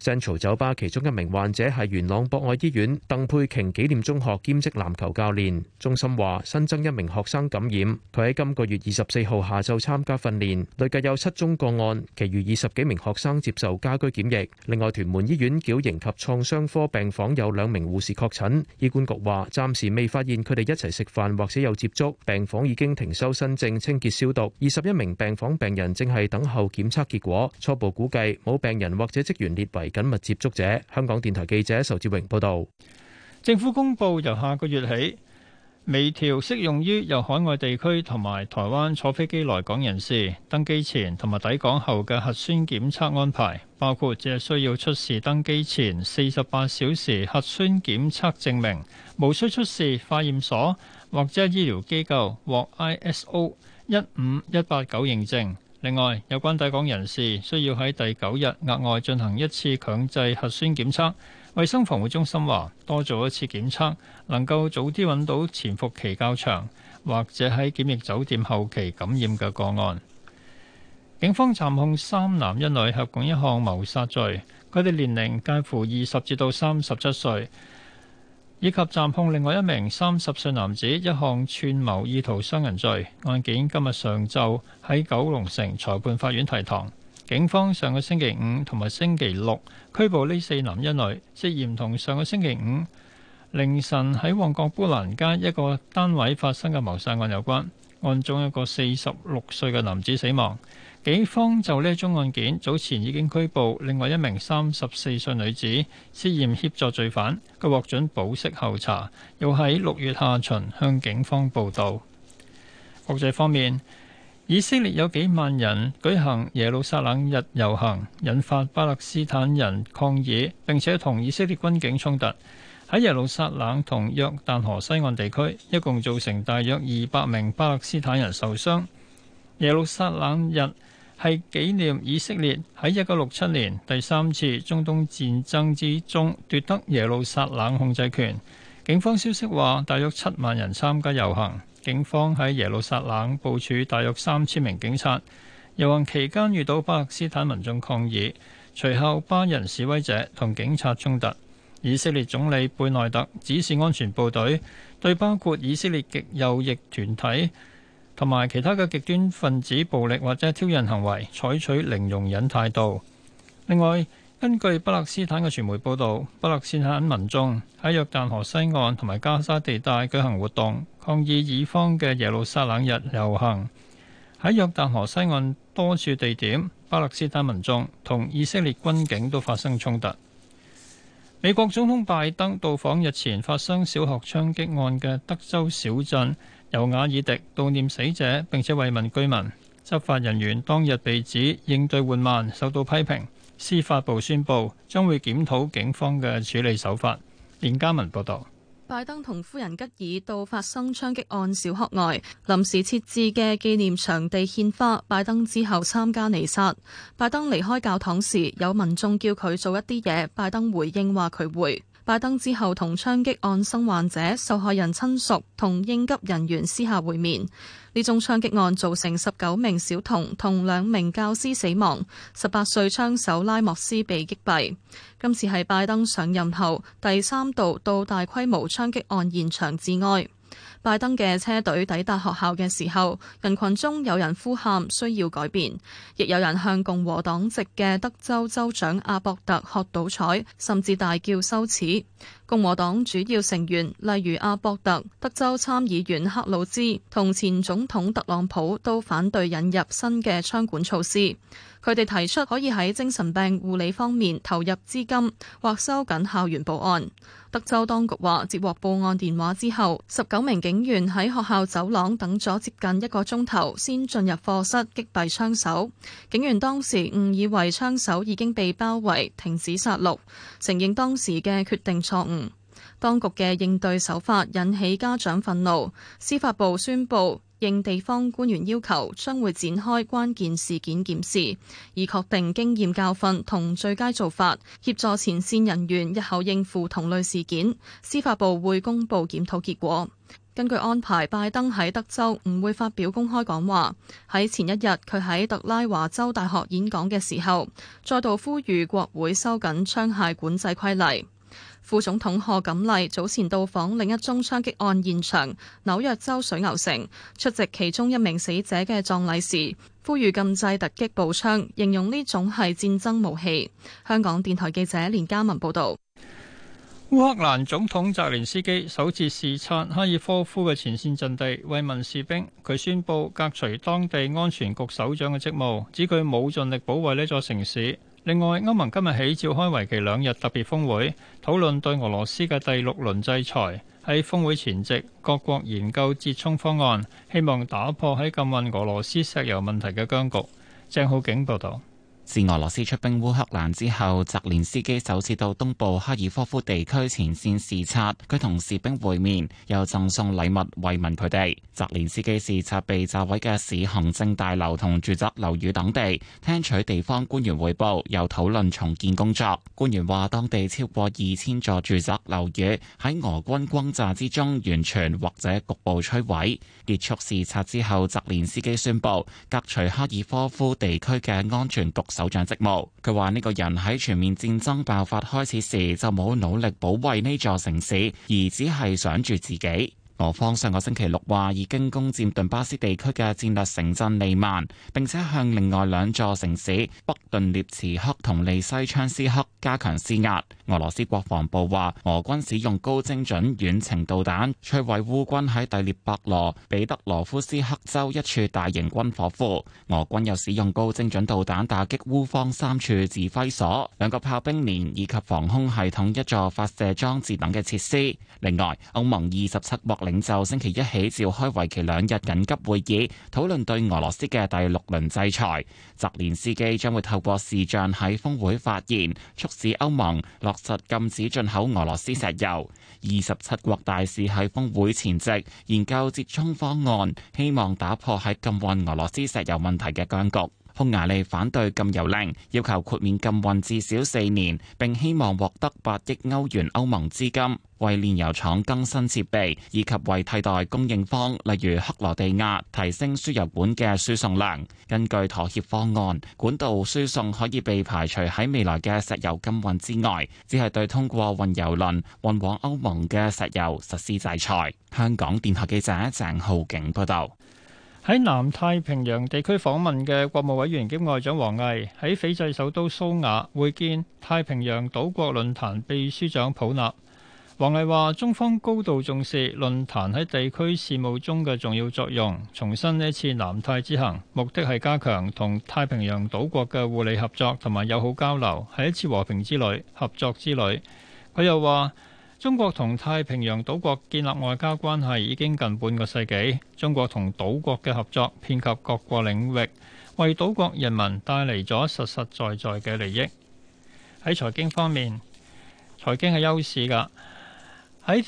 I: 聖朝酒吧其中一名患者係元朗博愛醫院鄧佩瓊紀念中學兼職籃球教練。中心話新增一名學生感染，佢喺今個月二十四號下晝參加訓練。累計有七宗個案，其餘二十幾名學生接受家居檢疫。另外，屯門醫院矯形及創傷科病房有兩名護士確診。醫管局話暫時未發現佢哋一齊食飯或者有接觸，病房已經停收新症，清潔消毒。二十一名病房病人正係等候檢測結果，初步估計冇病人或者職員列為緊密接觸者。香港電台記者仇志榮報導，政府公布由
M: 下個月起微調適用於由海外地區同埋台灣坐飛機來港人士登機前同埋抵港後嘅核酸檢測安排，包括只係需要出示登機前四十八小時核酸檢測證明，無需出示化驗所或者醫療機構獲 ISO 一五一八九認證。另外，有關抵港人士需要喺第九日額外進行一次強制核酸檢測。衛生防護中心話，多做一次檢測，能夠早啲揾到潛伏期較長或者喺檢疫酒店後期感染嘅個案。警方暫控三男一女合共一項謀殺罪，佢哋年齡介乎二十至到三十七歲。以及暫控另外一名三十歲男子，一項串謀意圖傷人罪案件，今日上晝喺九龍城裁判法院提堂。警方上個星期五同埋星期六拘捕呢四男一女，涉嫌同上個星期五凌晨喺旺角砵蘭街一個單位發生嘅謀殺案有關，案中一個四十六歲嘅男子死亡。警方就呢宗案件早前已經拘捕另外一名三十四歲女子，涉嫌協助罪犯，佢獲准保釋候查，又喺六月下旬向警方報道。國際方面，以色列有幾萬人舉行耶路撒冷日遊行，引發巴勒斯坦人抗議，並且同以色列軍警衝突。喺耶路撒冷同約旦河西岸地區，一共造成大約二百名巴勒斯坦人受傷。耶路撒冷日係紀念以色列喺一九六七年第三次中東戰爭之中奪得耶路撒冷控制權。警方消息話，大約七萬人參加遊行，警方喺耶路撒冷部署大約三千名警察。遊行期間遇到巴勒斯坦民眾抗議，隨後巴人示威者同警察衝突。以色列總理貝內特指示安全部隊對包括以色列極右翼團體，同埋其他嘅極端分子暴力或者挑釁行為，採取零容忍態度。另外，根據巴勒斯坦嘅傳媒報導，巴勒斯坦民眾喺約旦河西岸同埋加沙地帶舉行活動，抗議以方嘅耶路撒冷日遊行。喺約旦河西岸多處地點，巴勒斯坦民眾同以色列軍警都發生衝突。美國總統拜登到訪日前發生小學槍擊案嘅德州小鎮。由瓦爾迪悼念死者，並且慰問居民。執法人員當日被指應對緩慢，受到批評。司法部宣布將會檢討警方嘅處理手法。連嘉文報道，
B: 拜登同夫人吉爾到發生槍擊案小學外，臨時設置嘅紀念場地獻花。拜登之後參加彌撒。拜登離開教堂時，有民眾叫佢做一啲嘢。拜登回應話佢會。拜登之後同槍擊案生患者、受害人親屬同應急人員私下會面。呢宗槍擊案造成十九名小童同兩名教師死亡，十八歲槍手拉莫斯被擊斃。今次係拜登上任後第三度到大規模槍擊案現場致哀。拜登嘅車隊抵達學校嘅時候，人群中有人呼喊需要改變，亦有人向共和黨籍嘅德州州長阿博特喝倒彩，甚至大叫羞恥。共和黨主要成員例如阿博特、德州參議員克魯茲同前總統特朗普，都反對引入新嘅槍管措施。佢哋提出可以喺精神病護理方面投入資金，或收緊校園保安，德州當局話接獲報案電話之後，十九名警員喺學校走廊等咗接近一個鐘頭先進入課室擊斃槍手。警員當時誤以為槍手已經被包圍停止殺戮，承認當時嘅決定錯誤。當局嘅應對手法引起家長憤怒，司法部宣布應地方官員要求，將會展開關鍵事件檢視，以確定經驗教訓同最佳做法，協助前線人員日後應付同類事件。司法部會公布檢討結果。根據安排，拜登喺德州唔會發表公開講話。喺前一日，佢喺特拉華州大學演講嘅時候，再度呼籲國會收緊槍械管制規例。副總統賀錦麗早前到訪另一宗槍擊案現場，紐約州水牛城，出席其中一名死者嘅葬禮時，呼籲禁制突擊步槍，形容呢種係戰爭武器。香港電台記者連嘉文報道：
M: 烏克蘭總統澤連斯基首次視察哈爾科夫嘅前線陣地，慰問士兵。佢宣佈革除當地安全局首長嘅職務，指佢冇盡力保衛呢座城市。另外，歐盟今日起召開為期兩日特別峰會，討論對俄羅斯嘅第六輪制裁。喺峰會前夕，各國研究折衷方案，希望打破喺禁運俄羅斯石油問題嘅僵局。鄭浩景報道。
O: 自俄羅斯出兵
M: 烏克蘭之後，澤
O: 連斯基首次到東部哈爾科夫地區前線視察，佢同士兵會面，又贈送禮物慰問佢哋。澤連斯基視察被炸毀嘅市行政大樓同住宅樓宇等地，聽取地方官員彙報，又討論重建工作。官員話，當地超過二千座住宅樓宇喺俄軍轟炸之中完全或者局部摧毀。結束視察之後，澤連斯基宣布隔除哈爾科夫地區嘅安全局。首相職務，佢話呢個人喺全面戰爭爆發開始時就冇努力保衛呢座城市，而只係想住自己。俄方上個星期六話已經攻，攻佔頓巴斯地區嘅戰略城鎮利曼，並且向另外兩座城市北頓涅茨克同利西昌斯克加強施壓。俄羅斯國防部話，俄軍使用高精準遠程導彈摧毀烏軍喺第涅伯羅彼得羅夫斯克州一處大型軍火庫。俄軍又使用高精準導彈打擊烏方三處指揮所、兩個炮兵連以及防空系統、一座發射裝置等嘅設施。另外，歐盟二十七國領袖星期一起召開為期兩日緊急會議，討論對俄羅斯嘅第六輪制裁。澤連斯基將會透過視像喺峰會發言，促使歐盟落實禁止進口俄羅斯石油。二十七國大使喺峰會前夕研究折衷方案，希望打破喺禁運俄羅斯石油問題嘅僵局。匈牙利反對禁油令，要求豁免禁運至少四年，並希望獲得八億歐元歐盟資金，為煉油廠更新設備以及為替代供應方例如克羅地亞提升輸油管嘅輸送量。根據妥協方案，管道輸送可以被排除喺未來嘅石油禁運之外，只係對通過運油輪運往歐盟嘅石油實施制
M: 裁。香港電台記者鄭浩景報道。喺南太平洋地區訪問嘅國務委員兼外長王毅喺斐濟首都蘇瓦會見太平洋島國論壇秘書長普納。王毅話：中方高度重視論壇喺地區事務中嘅重要作用，重申呢次南太之行目的係加強同太平洋島國嘅互利合作同埋友好交流，係一次和平之旅、合作之旅。佢又話：中國同太平洋島國建立外交關係已經近半個世紀。中國同島國嘅合作遍及各國領域，為島國人民帶嚟咗實實在在嘅利益。喺財經方面，財經係優勢噶。喺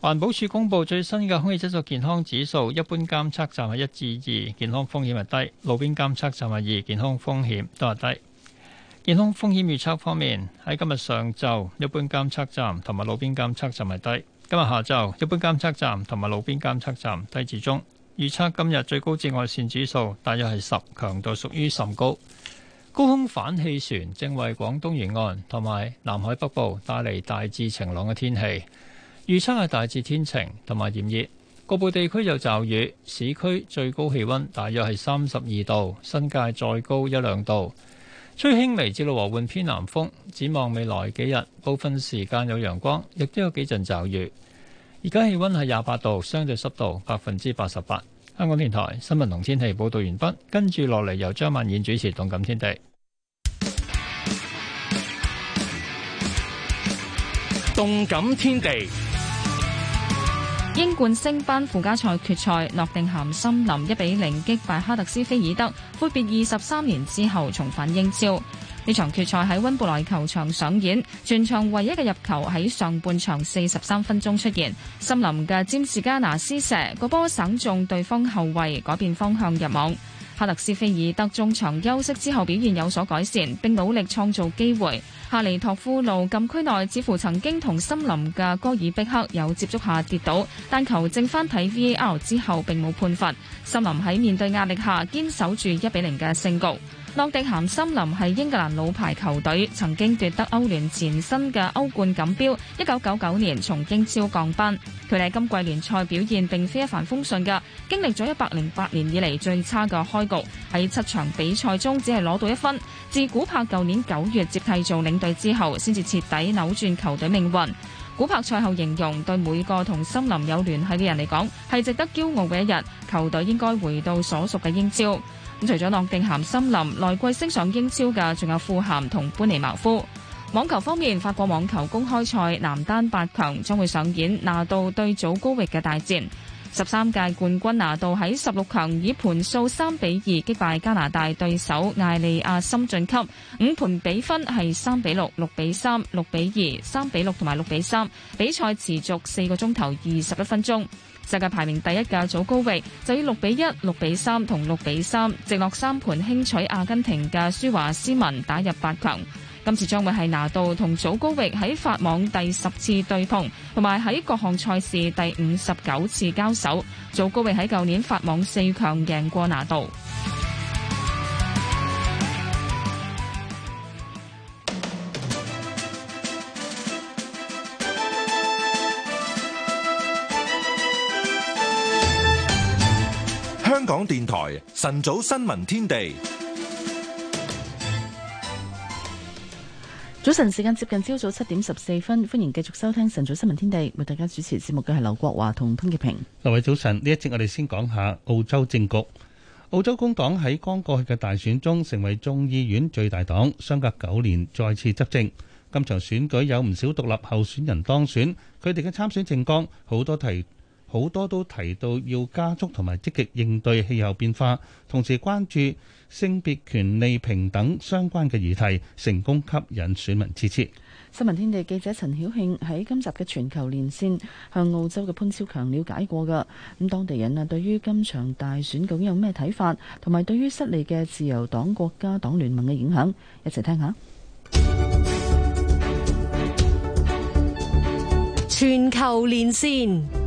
M: 環保署公布最新嘅空氣質素健康指數，一般監測站係一至二，健康風險係低；路邊監測站係二，健康風險都係低。健康風險預測方面，喺今日上晝，一般監測站同埋路邊監測站係低；今日下晝，一般監測站同埋路邊監測站低至中。預測今日最高紫外線指數大約係十，強度屬於甚高。高空反氣旋正為廣東沿岸同埋南海北部帶嚟大致晴朗嘅天氣，預測係大致天晴同埋炎熱，局部地區有驟雨。市區最高氣溫大約係三十二度，新界再高一兩度。吹輕微至弱和緩偏南風，展望未來幾日部分時間有陽光，亦都有幾陣驟雨。而家氣溫係廿八度，相對濕度百分之八十八。香港電台新聞同天氣報道完畢，跟住落嚟由張曼燕主持《動感天地》。《動感
H: 天地》。
J: 英冠升班附加賽決賽，諾定咸森林一比零擊敗哈特斯菲爾德，闊別二十三年之後重返英超。呢場決賽喺溫布萊球場上演，全場唯一嘅入球喺上半場四十三分鐘出現，森林嘅詹士加拿斯射個波省中對方後衛，改變方向入網。哈特斯菲爾德中場休息之後表現有所改善，並努力創造機會。哈尼托夫路禁區內似乎曾經同森林嘅戈爾碧克有接觸下跌倒，但球證翻睇 VAR 之後並冇判罰。森林喺面對壓力下堅守住一比零嘅勝局。諾地咸森林係英格蘭老牌球隊，曾經奪得歐聯前身嘅歐冠錦標。一九九九年從英超降班，佢哋今季聯賽表現並非一帆風順嘅，經歷咗一百零八年以嚟最差嘅開局。喺七場比賽中只係攞到一分。自古柏舊年九月接替做領隊之後，先至徹底扭轉球隊命運。古柏賽後形容，對每個同森林有聯繫嘅人嚟講，係值得驕傲嘅一日。球隊應該回到所屬嘅英超。除咗諾定咸森林，來季升上英超嘅仲有富咸同般尼茅夫。網球方面，法國網球公開賽男單八強將會上演拿到對祖高域嘅大戰。十三屆冠軍拿度喺十六強以盤數三比二擊敗加拿大對手艾利亞森晉級，五盤比分係三比六、六比三、六比二、三比六同埋六比三，比賽持續四個鐘頭二十一分鐘。世界排名第一嘅祖高域就以六比一、六比三同六比三直落三盤輕取阿根廷嘅舒華斯文，打入八強。今次將會係拿度同祖高域喺法網第十次對碰，同埋喺各項賽事第五十九次交手。祖高域喺舊年法網四強贏過拿度。
A: 香港電台晨早新聞天地。
C: 早晨時間接近朝早七點十四分，歡迎繼續收聽晨早新聞天地。為大家主持節目嘅係劉國華同潘潔平。
D: 各位早晨，呢一節我哋先講下澳洲政局。澳洲工黨喺剛過去嘅大選中成為眾議院最大黨，相隔九年再次執政。今場選舉有唔少獨立候選人當選，佢哋嘅參選政綱好多提好多都提到要加速同埋積極應對氣候變化，同時關注。性別權利平等相關嘅議題，成功吸引選民支持。
C: 新聞天地記者陳曉慶喺今集嘅全球連線，向澳洲嘅潘超強了解過㗎。咁當地人啊，對於今場大選究竟有咩睇法？同埋對於失利嘅自由黨國家黨聯盟嘅影響，一齊聽下。
B: 全球連線。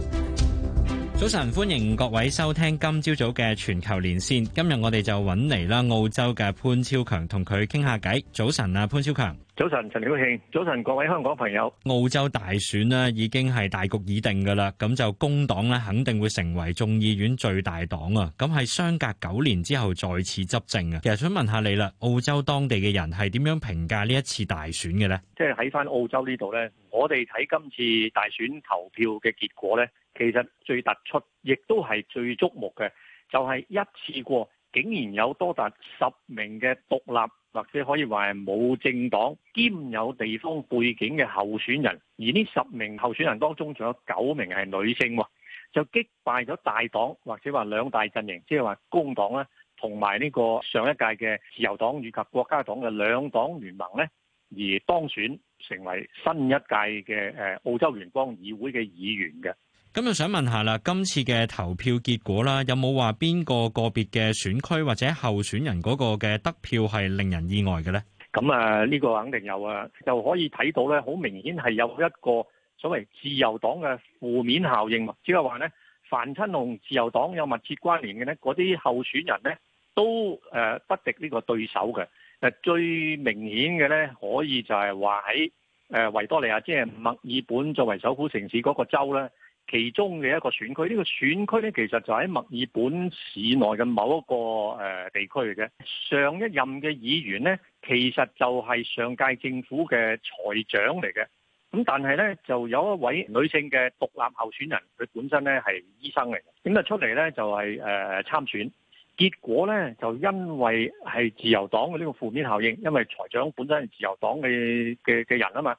P: 早晨，歡迎各位收聽今朝早嘅全球連線。今日我哋就揾嚟啦，澳洲嘅潘超強同佢傾下偈。早晨啊，潘超強。
A: 早晨，陳曉慶。早晨，各位香港朋友。
P: 澳洲大選呢已經係大局已定噶啦。咁就工黨呢，肯定會成為眾議院最大黨啊。咁係相隔九年之後再次執政啊。其實想問下你啦，澳洲當地嘅人係點樣評價呢一次大選嘅呢？
A: 即係喺翻澳洲呢度呢，我哋睇今次大選投票嘅結果呢。其實最突出，亦都係最矚目嘅，就係一次過竟然有多達十名嘅獨立或者可以話係冇政黨兼有地方背景嘅候選人，而呢十名候選人當中，仲有九名係女性喎，就擊敗咗大黨或者話兩大陣營，即係話工黨咧，同埋呢個上一屆嘅自由黨以及國家黨嘅兩黨聯盟呢，而當選成為新一屆嘅誒澳洲聯邦議會嘅議員嘅。咁
D: 就
P: 想問下啦，今次嘅投票結果啦，有冇話邊個個別嘅選區或者候選人嗰個嘅得票係令人意外嘅咧？
A: 咁啊，呢個肯定有啊，又可以睇到咧，好明顯係有一個所謂自由黨嘅負面效應，即係話咧，凡親同自由黨有密切關聯嘅咧，嗰啲候選人咧都誒不敵呢個對手嘅。誒，最明顯嘅咧，可以就係話喺誒維多利亞，即係墨爾本作為首府城市嗰個州咧。其中嘅一個選區，呢、呢個選區咧，其實就喺墨爾本市內嘅某一個誒地區嚟嘅。上一任嘅議員呢，其實就係上屆政府嘅財長嚟嘅。咁但係呢，就有一位女性嘅獨立候選人，佢本身呢係醫生嚟。咁啊出嚟呢，就係誒參選，結果呢，就因為係自由黨嘅呢個負面效應，因為財長本身係自由黨嘅嘅嘅人啊嘛。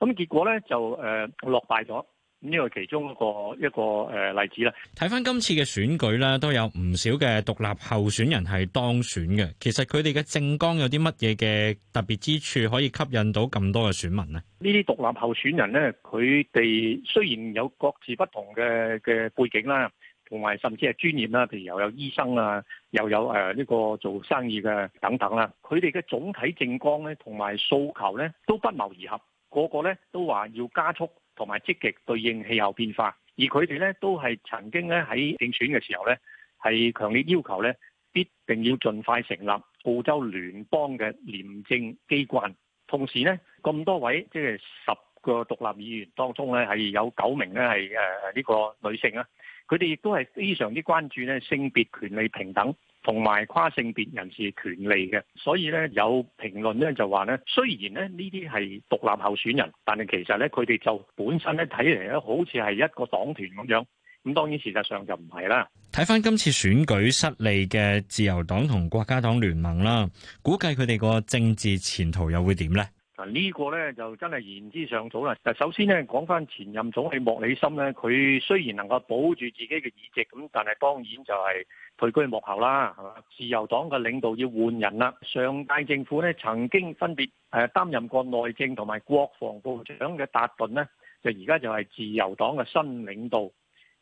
A: 咁結果呢，就誒、呃、落敗咗。呢個其中一個一個誒例子啦。
P: 睇翻今次嘅選舉啦，都有唔少嘅獨立候選人係當選嘅。其實佢哋嘅政綱有啲乜嘢嘅特別之處，可以吸引到咁多嘅選民呢？
A: 呢啲獨立候選人咧，佢哋雖然有各自不同嘅嘅背景啦，同埋甚至係專業啦，譬如又有醫生啊，又有誒呢個做生意嘅等等啦。佢哋嘅總體政綱咧，同埋訴求咧，都不謀而合。個個咧都話要加速。同埋積極對應氣候變化，而佢哋咧都係曾經咧喺競選嘅時候咧，係強烈要求咧必定要盡快成立澳洲聯邦嘅廉政機關。同時咧，咁多位即係十個獨立議員當中咧，係有九名咧係誒呢個女性啊，佢哋亦都係非常之關注咧性別權利平等。同埋跨性別人士權利嘅，所以咧有評論咧就話咧，雖然咧呢啲係獨立候選人，但係其實咧佢哋就本身咧睇嚟咧，好似係一個黨團咁樣。咁當然事實上就唔係啦。
P: 睇翻今次選舉失利嘅自由黨同國家黨聯盟啦，估計佢哋個政治前途又會點呢？
A: 嗱，呢個呢就真係言之尚早啦。首先呢，講返前任總理莫里森呢，佢雖然能夠保住自己嘅議席，咁但係當然就係退居幕後啦。係嘛，自由黨嘅領導要換人啦。上屆政府呢曾經分別誒擔任過內政同埋國防部長嘅達頓呢，就而家就係自由黨嘅新領導。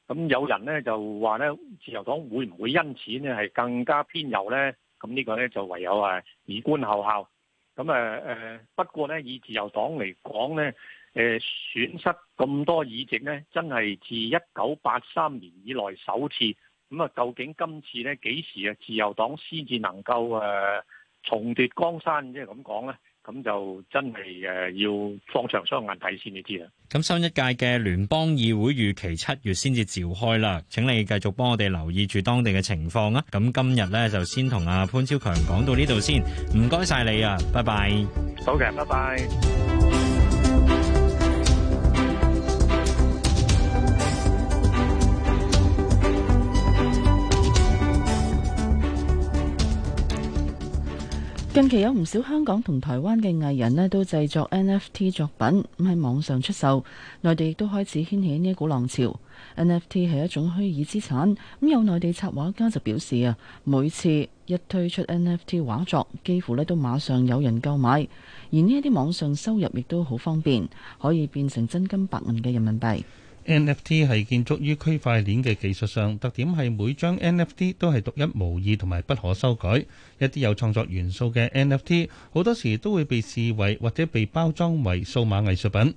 A: 咁有人呢就話呢，自由黨會唔會因此呢係更加偏右呢？咁呢個呢就唯有係以觀後效，效。咁誒誒，不過咧，以自由黨嚟講咧，誒、呃、損失咁多議席咧，真係自一九八三年以來首次。咁、嗯、啊，究竟今次咧幾時啊，自由黨先至能夠誒、呃、重奪江山，即係咁講咧？咁就真係誒，要放長雙眼睇先，你知啦。
P: 咁新一屆嘅聯邦議會預期七月先至召開啦。請你繼續幫我哋留意住當地嘅情況啊。咁今日呢就先同阿潘超強講到呢度先。唔該晒你啊，拜拜。
A: 好嘅，拜拜。
C: 近期有唔少香港同台灣嘅藝人呢都製作 NFT 作品，咁喺網上出售。內地亦都開始掀起呢一股浪潮。NFT 係一種虛擬資產，咁有內地插畫家就表示啊，每次一推出 NFT 畫作，幾乎呢都馬上有人購買，而呢一啲網上收入亦都好方便，可以變成真金白銀嘅人民幣。
D: NFT 係建築於區塊鏈嘅技術上，特點係每張 NFT 都係獨一無二同埋不可修改。一啲有創作元素嘅 NFT，好多時都會被視為或者被包裝為數碼藝術品。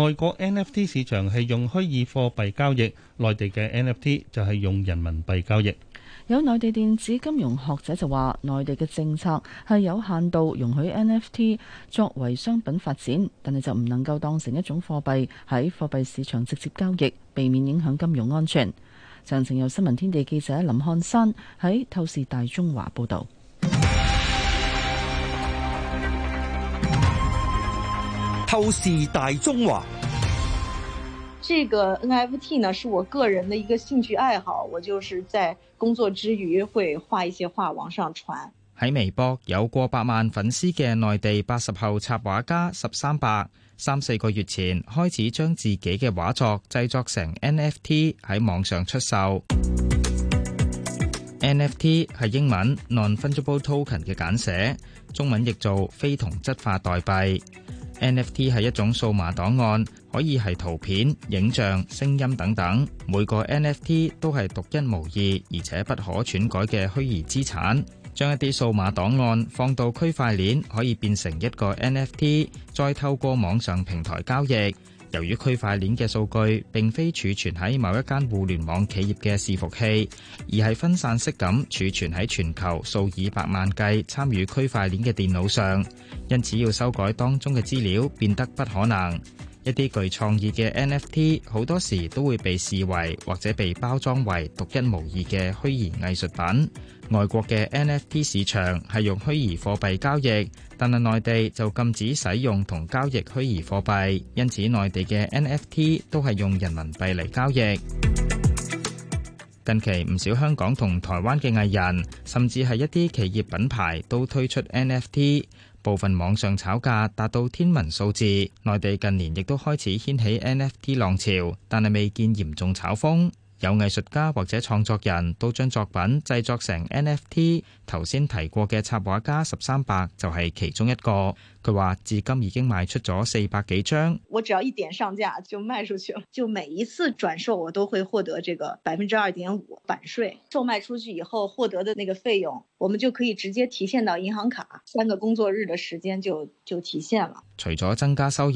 D: 外國 NFT 市場係用虛擬貨幣交易，內地嘅 NFT 就係用人民幣交易。
C: 有內地電子金融學者就話：內地嘅政策係有限度容許 NFT 作為商品發展，但係就唔能夠當成一種貨幣喺貨幣市場直接交易，避免影響金融安全。詳情由新聞天地記者林漢山喺《透視大中華》報導，
A: 《透視大中華》。
Q: 這個呢 NFT 是我個人的一個興趣愛好。我就是在工作之餘會畫一些畫往上傳。
R: 喺微博有過百萬粉絲嘅內地八十後插畫家十三百。三四個月前開始將自己嘅畫作製作成 NFT 喺網上出售。 NFT 係英文 Non-Fungible Token 嘅簡寫，中文譯做非同質化代幣。NFT 係一種數碼檔案，可以係圖片、影像、聲音等等。每個 NFT 都係獨一無二，而且不可篡改嘅虛擬資產。將一啲數碼檔案放到區塊鏈，可以變成一個 NFT，再透過網上平台交易。由於區塊鏈嘅數據並非儲存喺某一間互聯網企業嘅伺服器，而係分散式咁儲存喺全球數以百萬計參與區塊鏈嘅電腦上，因此要修改當中嘅資料變得不可能。一啲具創意嘅 NFT 好多時都會被視為或者被包裝為獨一無二嘅虛擬藝術品。外國嘅 NFT 市場係用虛擬貨幣交易，但係內地就禁止使用同交易虛擬貨幣，因此內地嘅 NFT 都係用人民幣嚟交易。近期唔少香港同台灣嘅藝人，甚至係一啲企業品牌都推出 NFT。部分網上炒價達到天文數字，內地近年亦都開始掀起 NFT 浪潮，但係未見嚴重炒風。有藝術家或者創作人都將作品製作成 NFT。頭先提過嘅插畫家十三伯就係其中一個。佢話至今已經賣出咗四百幾張。
Q: 我只要一點上架就賣出去了，就每一次轉售我都會獲得這個百分之二點五版稅。售賣出去以後獲得的那個費用，我們就可以直接提現到銀行卡，三個工作日的時間就就提現了。
R: 除咗增加收入，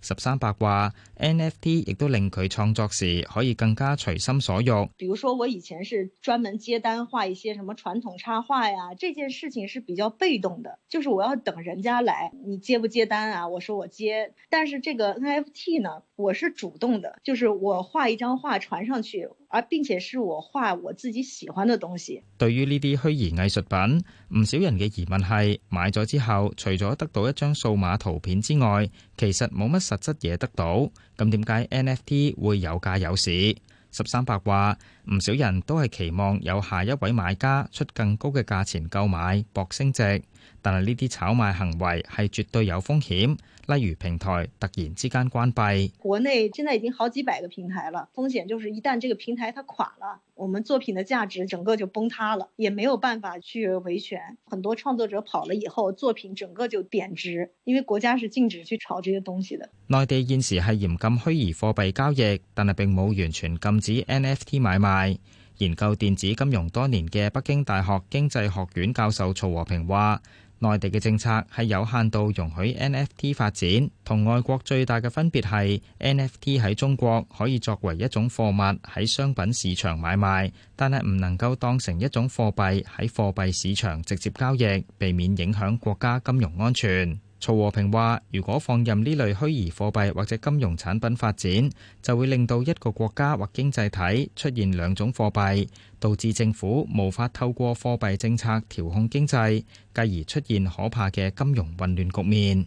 R: 十三伯話 NFT 亦都令佢創作時可以更加隨心所欲。比
Q: 如說我以前是專門接單畫一些什麼傳統插畫呀。啊，這件事情是比較被動的，就是我要等人家來，你接不接單啊？我說我接，但是這個 NFT 呢，我是主動的，就是我畫一張畫傳上去，而並且是我畫我自己喜歡的東西。
R: 對於呢啲虛擬藝術品，唔少人嘅疑問係，買咗之後除咗得到一張數碼圖片之外，其實冇乜實質嘢得到。咁點解 NFT 會有價有市？十三伯話：唔少人都係期望有下一位買家出更高嘅價錢購買，博升值。但係呢啲炒賣行為係絕對有風險，例如平台突然之間關閉。
Q: 國內現在已經好幾百個平台了，風險就是一旦這個平台它垮了，我們作品的價值整個就崩塌了，也沒有辦法去維權。很多創作者跑了以後，作品整個就貶值，因為國家是禁止去炒這些東
C: 西的。
R: 內地現時係嚴禁虛擬貨幣交易，但係並冇完全禁止 NFT 買賣。研究電子金融多年嘅北京大學經濟學院教授曹和平話。內地嘅政策係有限度容許 NFT 發展，同外國最大嘅分別係 NFT 喺中國可以作為一種貨物喺商品市場買賣，但係唔能夠當成一種貨幣喺貨幣市場直接交易，避免影響國家金融安全。曹和平話：如果放任呢類虛擬貨幣或者金融產品發展，就會令到一個國家或經濟體出現兩種貨幣，導致政府無法透過貨幣政策調控經濟，繼而出現可怕嘅金融混亂局面。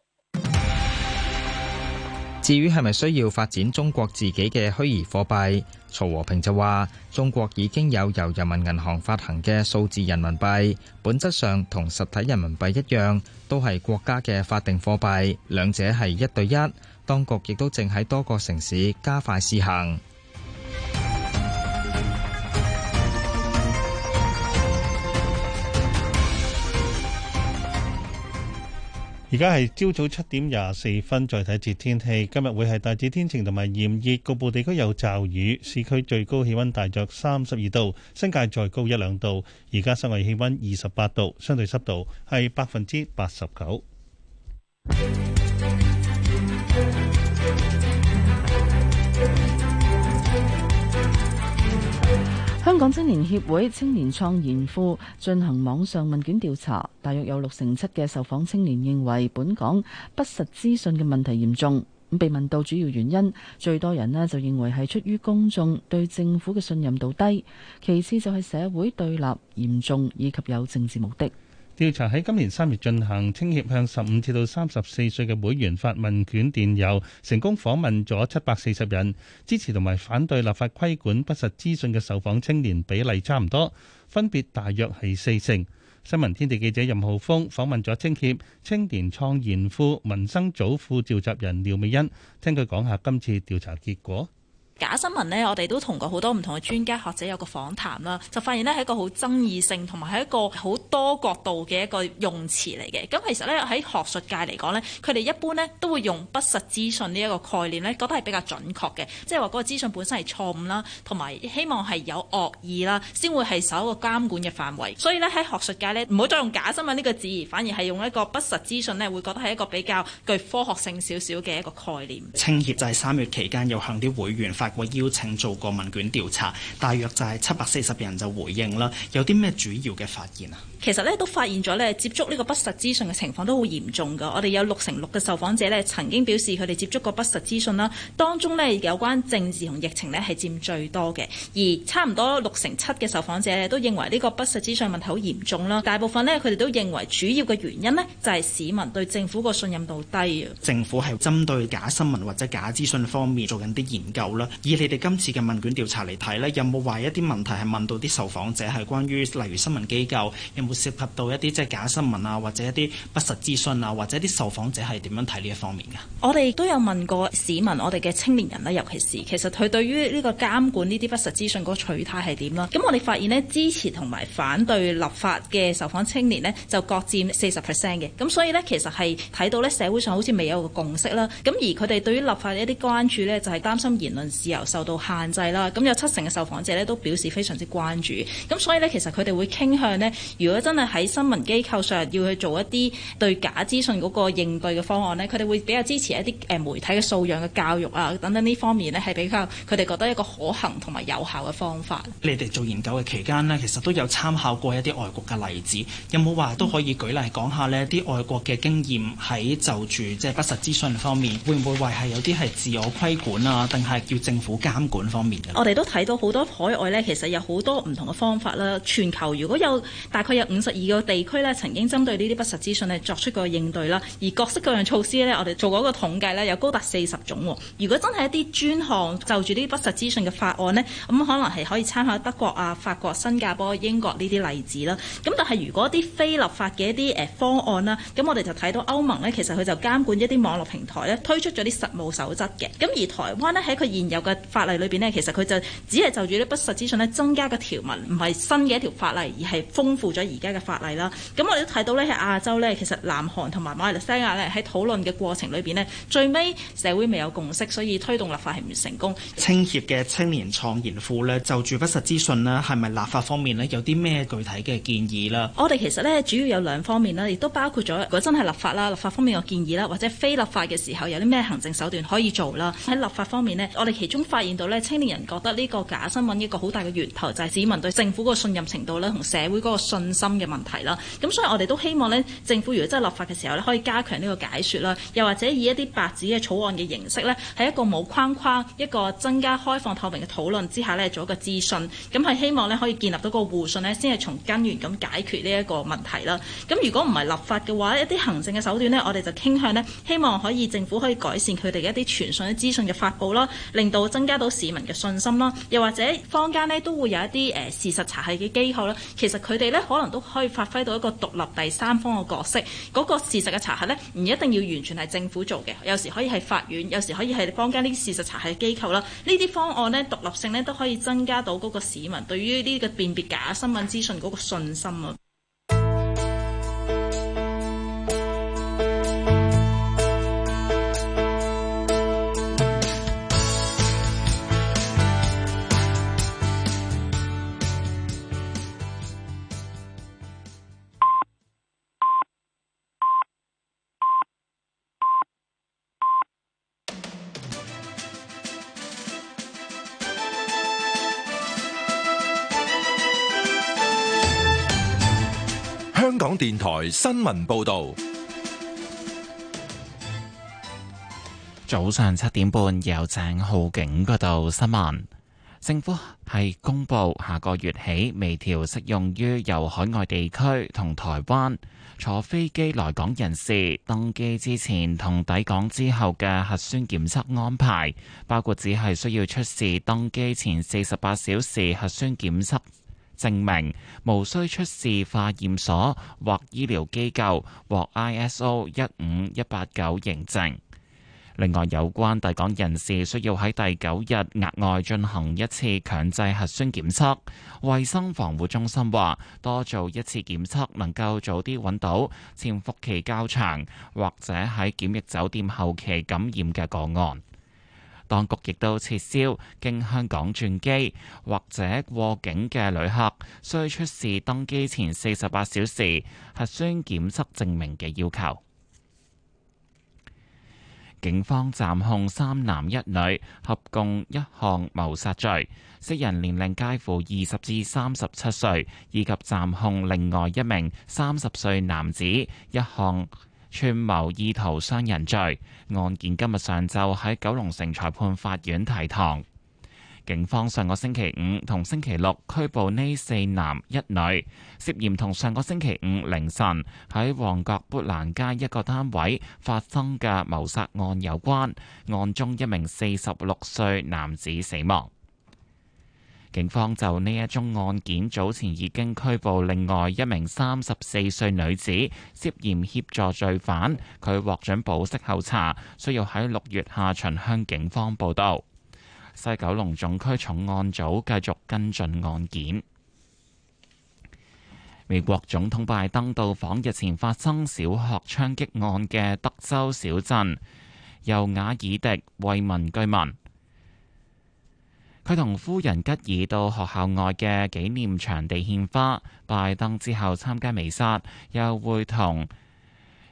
R: 至於係咪需要發展中國自己嘅虛擬貨幣？曹和平就話：中國已經有由人民銀行發行嘅數字人民幣，本質上同實體人民幣一樣，都係國家嘅法定貨幣，兩者係一對一。當局亦都正喺多個城市加快試行。
D: 而家係朝早七點廿四分，再睇節天氣。今日會係大致天晴同埋炎熱，局部地區有驟雨。市區最高氣温大約三十二度，新界再高一兩度。而家室外氣温二十八度，相對濕度係百分之八十九。
C: 港青年協會青年創研庫進行網上問卷調查，大約有六成七嘅受訪青年認為本港不實資訊嘅問題嚴重。被問到主要原因，最多人咧就認為係出於公眾對政府嘅信任度低，其次就係社會對立嚴重以及有政治目的。調查喺今年
D: 三月進行，青協向十五至到三十四歲嘅會員發問卷電郵，成功訪問咗七百四十人，支持同埋反對立法規管不實資訊嘅受訪青年比例差唔多，分別大約係四成。新聞天地記者任浩峰訪問咗青協青年創研庫民生組副召集人廖美欣，聽佢講下今次調查結果。
S: 假新聞呢，我哋都同過好多唔同嘅專家學者有個訪談啦，就發現呢係一個好爭議性，同埋係一個好多角度嘅一個用詞嚟嘅。咁其實呢，喺學術界嚟講呢，佢哋一般呢都會用不實資訊呢一個概念呢，覺得係比較準確嘅，即係話嗰個資訊本身係錯誤啦，同埋希望係有惡意啦，先會係受一個監管嘅範圍。所以呢，喺學術界呢，唔好再用假新聞呢個字，反而係用一個不實資訊呢，會覺得係一個比較具科學性少少嘅一個概念。
N: 青協就係三月期間又向啲會員發。我邀請做過問卷調查，大約就係七百四十人就回應啦。有啲咩主要嘅發現啊？
S: 其實咧都發現咗咧，接觸呢個不實資訊嘅情況都好嚴重噶。我哋有六成六嘅受訪者咧曾經表示佢哋接觸過不實資訊啦。當中呢有關政治同疫情呢係佔最多嘅，而差唔多六成七嘅受訪者呢都認為呢個不實資訊問題好嚴重啦。大部分呢，佢哋都認為主要嘅原因呢就係市民對政府個信任度低。
N: 政府係針對假新聞或者假資訊方面做緊啲研究啦。以你哋今次嘅問卷調查嚟睇咧，有冇話一啲問題係問到啲受訪者係關於，例如新聞機構有冇涉及到一啲即係假新聞啊，或者一啲不實資訊啊，或者啲受訪者係點樣睇呢一方面嘅？
S: 我哋亦都有問過市民，我哋嘅青年人咧，尤其是其實佢對於呢個監管呢啲不實資訊個取態係點啦。咁我哋發現呢，支持同埋反對立法嘅受訪青年呢，就各佔四十 percent 嘅。咁所以呢，其實係睇到呢社會上好似未有個共識啦。咁而佢哋對於立法嘅一啲關注呢，就係擔心言論自由受到限制啦，咁有七成嘅受訪者咧都表示非常之關注，咁所以咧其實佢哋會傾向咧，如果真係喺新聞機構上要去做一啲對假資訊嗰個應對嘅方案咧，佢哋會比較支持一啲誒媒體嘅素養嘅教育啊等等呢方面咧，係比較佢哋覺得一個可行同埋有效嘅方法。
N: 你哋做研究嘅期間咧，其實都有參考過一啲外國嘅例子，有冇話都可以舉例講下咧？啲外國嘅經驗喺就住即係、就是、不實資訊方面，會唔會話係有啲係自我規管啊，定係叫正政府監管方面嘅，
S: 我哋都睇到好多海外呢，其實有好多唔同嘅方法啦。全球如果有大概有五十二個地區呢，曾經針對呢啲不實資訊呢作出過應對啦。而各式各樣措施呢，我哋做過一個統計呢，有高達四十種，啊。如果真係一啲專項就住呢啲不實資訊嘅法案呢，咁、嗯、可能係可以參考德國啊、法國、新加坡、英國呢啲例子啦。咁但係如果啲非立法嘅一啲誒方案啦，咁我哋就睇到歐盟呢，其實佢就監管一啲網絡平台呢，推出咗啲實務守則嘅。咁而台灣呢，喺佢現有。法例裏邊呢，其實佢就只係就住啲不實資訊呢，增加個條文，唔係新嘅一條法例，而係豐富咗而家嘅法例啦。咁我哋都睇到呢，喺亞洲呢，其實南韓同埋馬來西亞呢，喺討論嘅過程裏邊呢，最尾社會未有共識，所以推動立法係唔成功。
N: 青協嘅青年創研庫呢，就住不實資訊啦，係咪立法方面呢？有啲咩具體嘅建議啦？
S: 我哋其實呢，主要有兩方面啦，亦都包括咗，如果真係立法啦，立法方面嘅建議啦，或者非立法嘅時候有啲咩行政手段可以做啦。喺立法方面呢，我哋其中發現到呢，青年人覺得呢個假新聞一個好大嘅源頭，就係市民對政府嗰個信任程度呢，同社會嗰個信心嘅問題啦。咁所以我哋都希望呢，政府如果真係立法嘅時候呢，可以加強呢個解説啦，又或者以一啲白紙嘅草案嘅形式呢，喺一個冇框框、一個增加開放透明嘅討論之下呢，做一個諮詢。咁係希望呢，可以建立到個互信呢，先係從根源咁解決呢一個問題啦。咁如果唔係立法嘅話，一啲行政嘅手段呢，我哋就傾向呢，希望可以政府可以改善佢哋嘅一啲傳信、資訊嘅發佈啦，令到增加到市民嘅信心啦，又或者坊間咧都會有一啲誒、呃、事實查核嘅機構啦，其實佢哋咧可能都可以發揮到一個獨立第三方嘅角色，嗰、嗰個事實嘅查核咧唔一定要完全係政府做嘅，有時可以係法院，有時可以係坊間呢啲事實查核機構啦，呢啲方案咧獨立性咧都可以增加到嗰個市民對於呢個辨別假新聞資訊嗰個信心啊。
A: 電台新聞報道，
O: 早上七點半由鄭浩景嗰度新聞，政府係公布下個月起微調適用於由海外地區同台灣坐飛機來港人士登機之前同抵港之後嘅核酸檢測安排，包括只係需要出示登機前四十八小時核酸檢測。證明無需出示化驗所或醫療機構或 ISO 一五一八九認證。另外，有關抵港人士需要喺第九日額外進行一次強制核酸檢測。衛生防護中心話，多做一次檢測能夠早啲揾到潛伏期較長或者喺檢疫酒店後期感染嘅個案。當局亦都撤銷經香港轉機或者過境嘅旅客需出示登機前四十八小時核酸檢測證明嘅要求。警方暫控三男一女合共一項謀殺罪，四人年齡介乎二十至三十七歲，以及暫控另外一名三十歲男子一項串謀意圖傷人罪，案件今日上晝喺九龍城裁判法院提堂。警方上個星期五同星期六拘捕呢四男一女，涉嫌同上個星期五凌晨喺旺角砵蘭街一個單位發生嘅謀殺案有關。案中一名四十六歲男子死亡。警方就呢一宗案件，早前已經拘捕另外一名三十四歲女子，涉嫌協助罪犯。佢獲准保釋候查，需要喺六月下旬向警方報到。西九龍總區重案組繼續跟進案件。美國總統拜登到訪日前發生小學槍擊案嘅德州小鎮由瓦爾迪慰問居民。佢同夫人吉爾到學校外嘅紀念場地獻花。拜登之後參加彌撒，又會同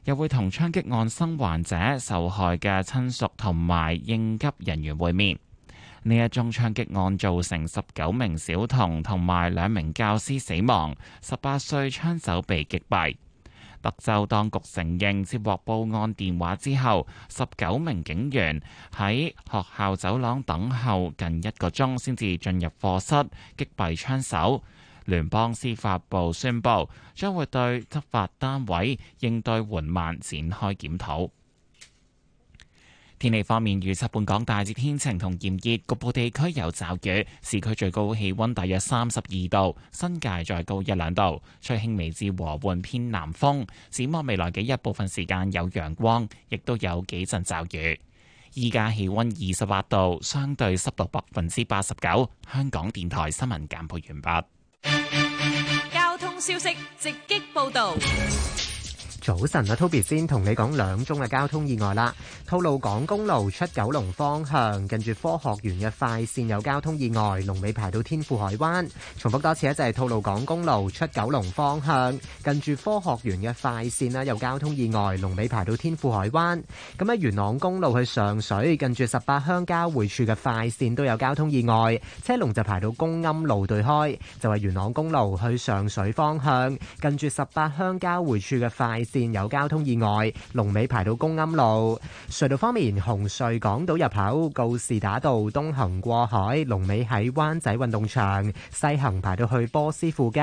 O: 又會同槍擊案生還者、受害嘅親屬同埋應急人員會面。呢一宗槍擊案造成十九名小童同埋兩名教師死亡，十八歲槍手被擊斃。德州當局承認接獲報案電話之後，十九名警員喺學校走廊等候近一個鐘，先至進入課室擊斃槍手。聯邦司法部宣布將會對執法單位應對緩慢展開檢討。天氣方面，預測本港大致天晴同炎熱，局部地區有驟雨。市區最高氣温大約三十二度，新界再高一兩度。吹輕微至和緩偏南風。展望未來嘅一部分時間有陽光，亦都有幾陣驟雨。依家氣温二十八度，相對濕度百分之八十九。香港電台新聞簡報完畢。
B: 交通消息直擊報導，直擊報道。
L: 早晨啊，Toby 先同你講兩宗嘅交通意外啦。吐露港公路出九龍方向，近住科學園嘅快線有交通意外，龍尾排到天富海灣。重複多次啊，就係吐露港公路出九龍方向，近住科學園嘅快線啦，有交通意外，龍尾排到天富海灣。咁喺元朗公路去上水，近住十八鄉交匯處嘅快線都有交通意外，車龍就排到公庵路對開，就係元朗公路去上水方向，近住十八鄉交匯處嘅快線。有交通意外，龍尾排到公庵路。隧道方面，紅隧港島入口告士打道東行過海，龍尾喺灣仔運動場；西行排到去波斯富街。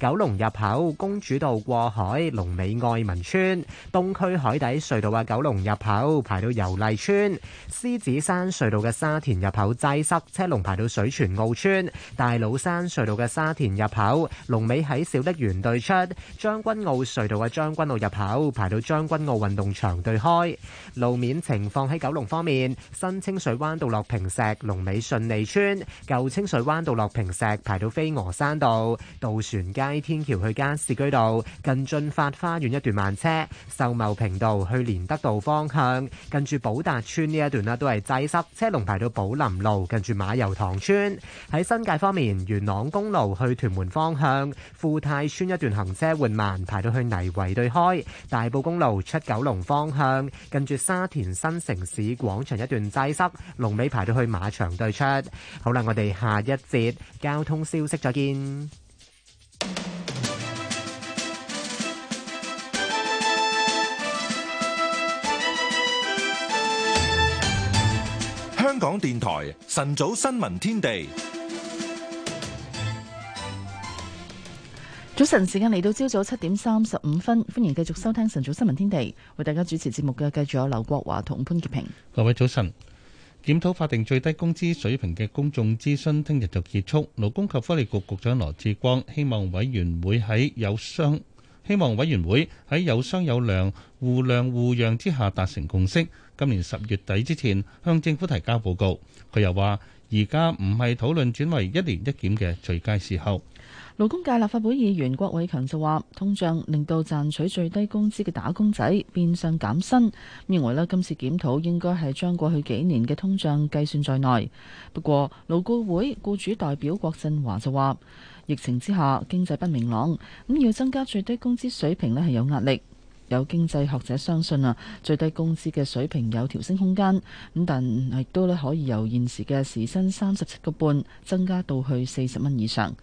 L: 九龍入口公主道過海，龍尾愛民村。東區海底隧道嘅九龍入口排到油麗村。獅子山隧道嘅沙田入口擠塞，車龍排到水泉澳村。大老山隧道嘅沙田入口，龍尾喺小瀝源對出。將軍澳隧道嘅將軍澳入入排到將軍澳運動場對開路面情況。喺九龍方面，新清水灣道樂平石龍尾順利村，舊清水灣道樂平石排到飛鵝山道，渡船街天橋去加士居道近駿發花園一段慢車，秀茂坪道去連德道方向，近住寶達村呢一段啦都係擠塞，車龍排到寶林路近住馬游塘村。喺新界方面，元朗公路去屯門方向，富泰村一段行車緩慢，排到去泥圍對開。大埔公路出九龍方向，近住沙田新城市廣場一段擠塞，龍尾排到去馬場對出。好啦，我哋下一節交通消息再見。
A: 香港電台晨早新聞天地。
C: 早晨時間嚟到朝早七點三十五分，歡迎繼續收聽晨早新聞天地，為大家主持節目嘅繼續有劉國華同潘潔平。
D: 各位早晨，檢討法定最低工資水平嘅公眾諮詢聽日就結束。勞工及福利局局，局長羅致光希望委員會喺有商，希望委員會喺有商有量、互諒互讓之下達成共識，今年十月底之前向政府提交報告。佢又話，而家唔係討論轉為一年一檢嘅最佳時候。
C: 勞工界立法會議員郭偉強就話，通脹令到賺取最低工資嘅打工仔變相減薪。認為咧，今次檢討應該係將過去幾年嘅通脹計算在內。不過勞僱會僱主代表郭振華就話，疫情之下經濟不明朗，咁要增加最低工資水平咧係有壓力。有經濟學者相信啊，最低工資嘅水平有調升空間。咁但亦都咧可以由現時嘅時薪三十七個半增加到去四十蚊以上。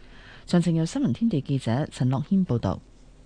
C: 上承，由新聞天地記者陳樂謙報道。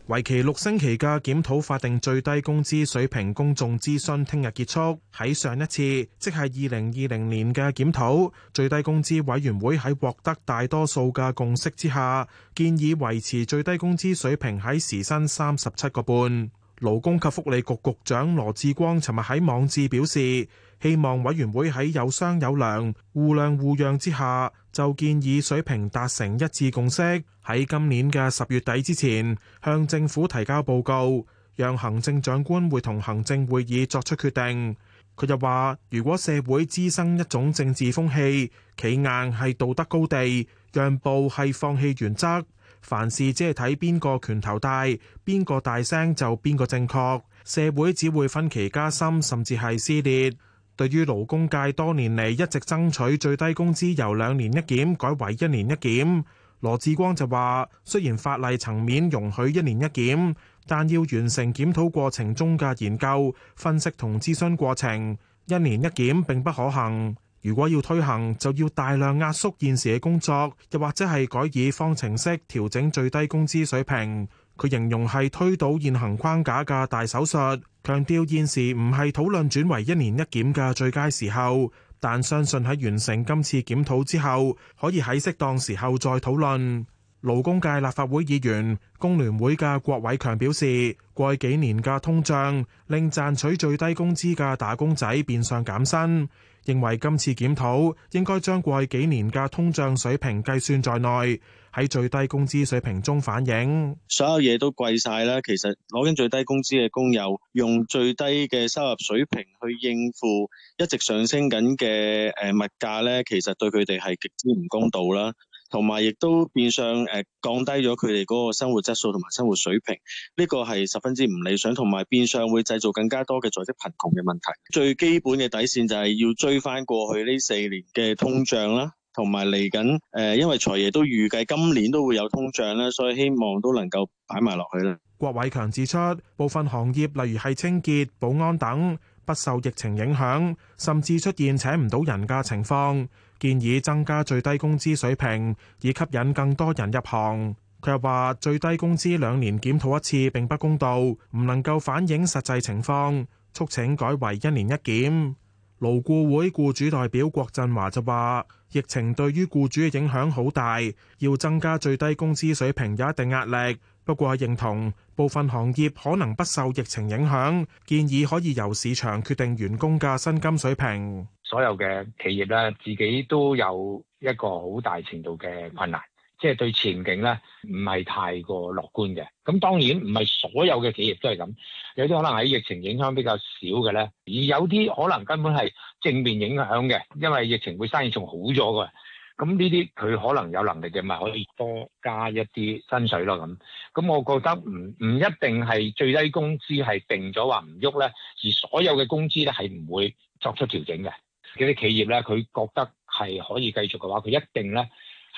H: 為期六星期嘅檢討法定最低工資水平公眾諮詢聽日結束。喺上一次，即係二零二零年嘅檢討，最低工資委員會喺獲得大多數嘅共識之下，建議維持最低工資水平喺時薪三十七個半。勞工及福利局局、局長羅志光尋日喺網誌表示，希望委員會喺有商有量、互諒互讓之下，就建議水平達成一致共識，喺今年嘅十月底之前向政府提交報告，讓行政長官會同行政會議作出決定。佢又話，如果社會滋生一種政治風氣，企硬係道德高地，讓步係放棄原則，凡事只係睇邊個拳頭大，邊個大聲就邊個正確，社會只會分歧加深，甚至係撕裂。對於勞工界多年嚟一直爭取最低工資由兩年一檢改為一年一檢，羅致光就話：雖然法例層面容許一年一檢，但要完成檢討過程中嘅研究、分析同諮詢過程，一年一檢並不可行。如果要推行，就要大量壓縮現時嘅工作，又或者係改以方程式調整最低工資水平。佢形容係推倒現行框架嘅大手術，強調現時唔係討論轉為一年一檢嘅最佳時候，但相信喺完成今次檢討之後，可以喺適當時候再討論。勞工界立法會議員工聯會嘅郭偉強表示，過去幾年嘅通脹令賺取最低工資嘅打工仔變相減薪，認為今次檢討應該將過去幾年嘅通脹水平計算在內。喺最低工資水平中反映，
P: 所有嘢都貴晒啦。其實攞緊最低工資嘅工友，用最低嘅收入水平去應付一直上升緊嘅誒物價咧，其實對佢哋係極之唔公道啦。同埋亦都變相誒降低咗佢哋嗰個生活質素同埋生活水平。呢個係十分之唔理想，同埋變相會製造更加多嘅在職貧窮嘅問題。最基本嘅底線就係要追翻過去呢四年嘅通脹啦。同埋嚟緊誒，因為財爺都預計今年都會有通脹啦，所以希望都能夠擺埋落去啦。
H: 郭偉強指出，部分行業例如係清潔、保安等不受疫情影響，甚至出現請唔到人嘅情況，建議增加最低工資水平，以吸引更多人入行。佢又話，最低工資兩年檢討一次並不公道，唔能夠反映實際情況，促請改為一年一檢。勞僱會僱主代表郭振華就話，疫情對於僱主嘅影響好大，要增加最低工資水平有一定壓力。不過認同部分行業可能不受疫情影響，建議可以由市場決定員工嘅薪金水平。
A: 所有嘅企業咧，自己都有一個好大程度嘅困難。即係對前景咧，唔係太過樂觀嘅。咁當然唔係所有嘅企業都係咁，有啲可能喺疫情影響比較少嘅咧，而有啲可能根本係正面影響嘅，因為疫情會生意仲好咗嘅。咁呢啲佢可能有能力嘅咪可以多加一啲薪水咯咁。咁我覺得唔唔一定係最低工資係定咗話唔喐咧，而所有嘅工資咧係唔會作出調整嘅。嗰啲企業咧，佢覺得係可以繼續嘅話，佢一定咧。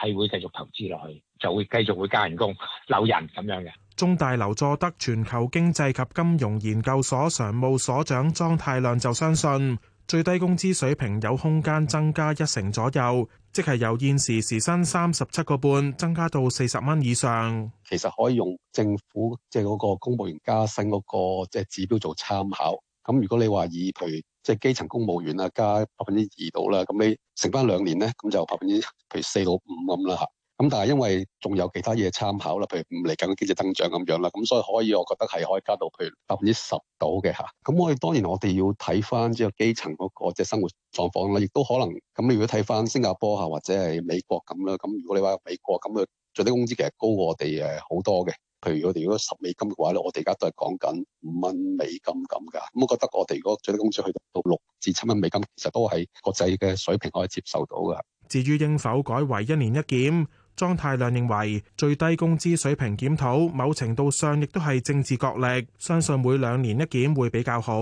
A: 係會繼續投資落去，就會繼續會加人工、留人咁樣嘅。
H: 中大劉佐德全球經濟及金融研究所常務所長莊太量就相信最低工資水平有空間增加一成左右，即係由現時時薪三十七個半增加到四十蚊以上。
A: 其實可以用政府即係嗰個公務員加薪嗰個即係指標做參考。咁如果你話以譬如。即係基層公務員啊，加百分之二到啦，咁你剩翻兩年咧，咁就百分之譬如四到五咁啦吓。咁但係因為仲有其他嘢參考啦，譬如唔嚟緊嘅經濟增長咁樣啦，咁所以可以，我覺得係可以加到譬如百分之十到嘅吓。咁我哋當然我哋要睇翻即係基層嗰個即係生活狀況啦，亦都可能咁你如果睇翻新加坡吓或者係美國咁啦，咁如果你話美國咁啊，最低工資其實高過我哋誒好多嘅。譬如我哋如果十美金嘅話咧，我哋而家都係講緊五蚊美金咁噶，咁我覺得我哋嗰個最低工資去到六至七蚊美金，其實都係國際嘅水平可以接受到噶。
H: 至於應否改為一年一檢，莊太量認為最低工資水平檢討，某程度上亦都係政治角力，相信每兩年一檢會比較好。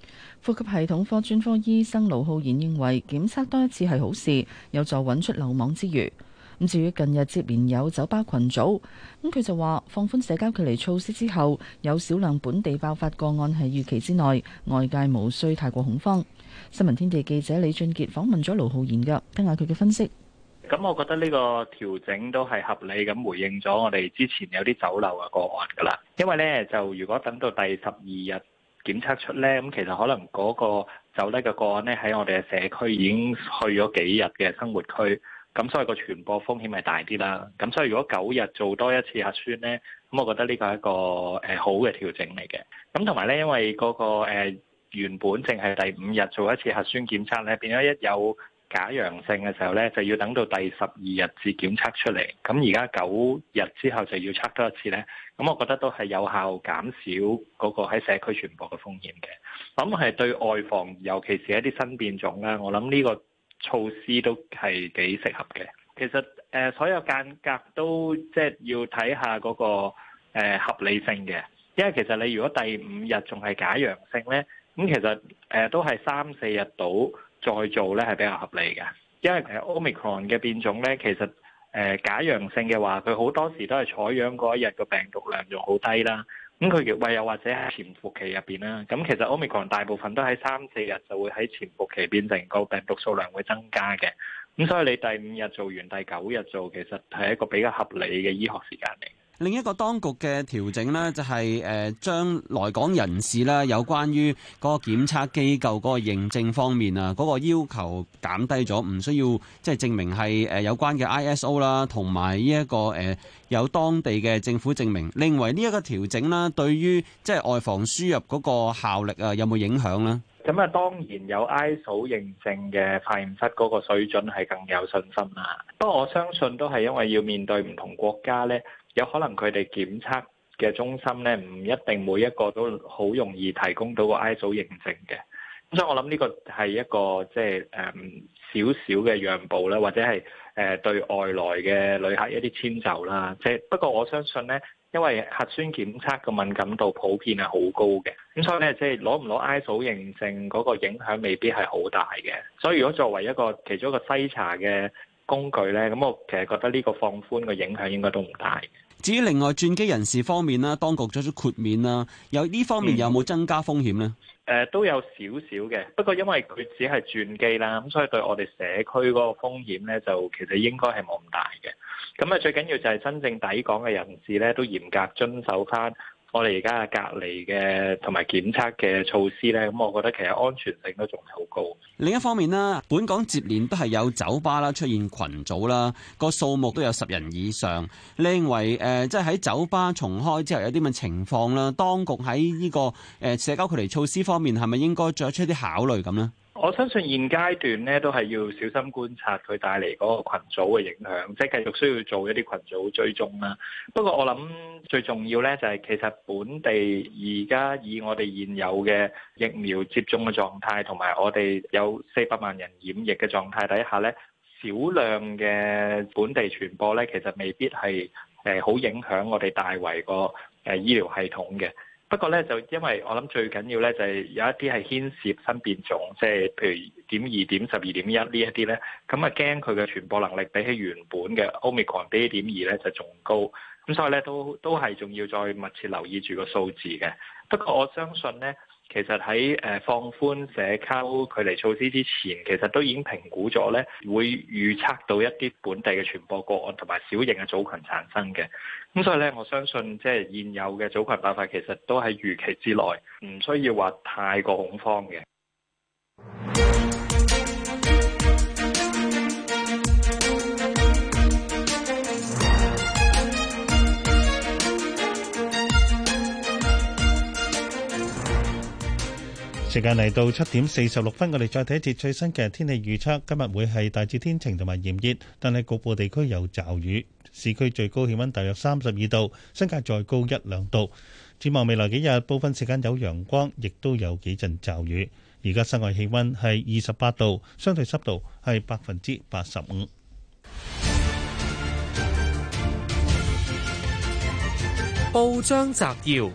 C: 呼吸系統科專科醫生盧浩然認為，檢測多一次係好事，有助揾出漏網之魚。咁至於近日接連有酒吧群組，咁佢就話放寬社交距離措施之後，有少量本地爆發個案係預期之內，外界無需太過恐慌。新聞天地記者李俊傑訪問咗盧浩然㗎，聽下佢嘅分析。
A: 咁我覺得呢個調整都係合理咁回應咗我哋之前有啲酒樓嘅個案㗎啦。因為呢，就如果等到第十二日，檢測出咧，咁其實可能嗰個走低嘅個案咧，喺我哋嘅社區已經去咗幾日嘅生活區，咁所以個傳播風險係大啲啦。咁所以如果九日做多一次核酸咧，咁我覺得呢個係一個誒、呃、好嘅調整嚟嘅。咁同埋咧，因為嗰、嗰個、呃、原本淨係第五日做一次核酸檢測咧，變咗一有假陽性嘅時候呢，就要等到第十二日至檢測出嚟。咁而家九日之後就要測多一次呢。咁我覺得都係有效減少嗰個喺社區傳播嘅風險嘅。咁、嗯、係對外防，尤其是一啲新變種咧，我諗呢個措施都係幾適合嘅。其實誒、呃，所有間隔都即係要睇下嗰個誒合理性嘅，因為其實你如果第五日仲係假陽性呢，咁、嗯、其實誒、呃、都係三四日到。再做咧係比較合理嘅，因為其實 Omicron 嘅變種咧，其實誒、呃、假陽性嘅話，佢好多時都係採樣嗰一日個病毒量仲好低啦。咁佢若為又或者喺潛伏期入邊啦，咁其實 Omicron 大部分都喺三四日就會喺潛伏期變成個病毒數量會增加嘅。咁所以你第五日做完，第九日做其實係一個比較合理嘅醫學時間嚟。另一
P: 個當局嘅調整咧，就係誒將來港人士咧，有關於嗰個檢測機構嗰個認證方面啊，嗰個要求減低咗，唔需要即係證明係誒有關嘅 ISO 啦，同埋呢一個誒有當地嘅政府證明。另外呢一個調整咧，對於即係外防輸入嗰個效力啊，有冇影
I: 響咧？
A: 咁啊，當然有 ISO 認證嘅化驗室嗰個水準係更有信心啦。不過我相信都係因為要面對唔同國家咧。有可能佢哋檢測嘅中心咧，唔一定每一個都好容易提供到個 ISO 認證嘅，咁所以我諗呢個係一個即係誒少少嘅讓步啦，或者係誒、呃、對外來嘅旅客一啲遷就啦。即、就、係、是、不過我相信咧，因為核酸檢測嘅敏感度普遍係好高嘅，咁所以咧即係攞唔攞 ISO 認證嗰個影響未必係好大嘅。所以如果作為一個其中一個篩查嘅，工具咧，咁我其實覺得呢個放寬嘅影響應該都唔大。
P: 至於另外轉機人士方面啦，當局作出豁免啦，有呢方面有冇增加風險呢？誒、嗯
A: 呃，都有少少嘅，不過因為佢只係轉機啦，咁所以對我哋社區嗰個風險咧，就其實應該係冇咁大嘅。咁啊，最緊要就係真正抵港嘅人士咧，都嚴格遵守返我哋而家嘅隔離嘅同埋檢測嘅措施咧，咁我覺得其實安全性都仲係好高。
P: 另一方面啦，本港接連都係有酒吧啦，出現群組啦，個數目都有十人以上。你認為誒，即係喺酒吧重開之後有啲乜情況啦？當局喺呢個誒社交距離措施方面，係咪應該作出啲考慮咁呢？
A: 我相信現階段咧都係要小心觀察佢帶嚟嗰個群組嘅影響，即係繼續需要做一啲群組追蹤啦、啊。不過我諗最重要咧就係、是、其實本地而家以我哋現有嘅疫苗接種嘅狀態同埋我哋有四百萬人染疫嘅狀態底下咧，少量嘅本地傳播咧其實未必係誒好影響我哋大圍個誒醫療系統嘅。不過咧，就因為我諗最緊要咧，就係、是、有一啲係牽涉新變種，即係譬如點二點十二點一呢一啲咧，咁啊驚佢嘅傳播能力比起原本嘅 Omicron B 點二咧就仲高，咁所以咧都都係仲要再密切留意住個數字嘅。不過我相信咧。其實喺誒放寬社交距離措施之前，其實都已經評估咗咧，會預測到一啲本地嘅傳播個案同埋小型嘅組群產生嘅。咁所以咧，我相信即係現有嘅組群爆發，其實都喺預期之內，唔需要話太過恐慌嘅。
D: 時間嚟到七點四十六分，我哋再睇一節最新嘅天氣預測。今日會係大致天晴同埋炎熱，但係局部地區有驟雨。市區最高氣温大約三十二度，新界再高一兩度。展望未來幾日，部分時間有陽光，亦都有幾陣驟雨。而家室外氣温係二十八度，相對濕度係百分之八十五。
A: 報章摘要。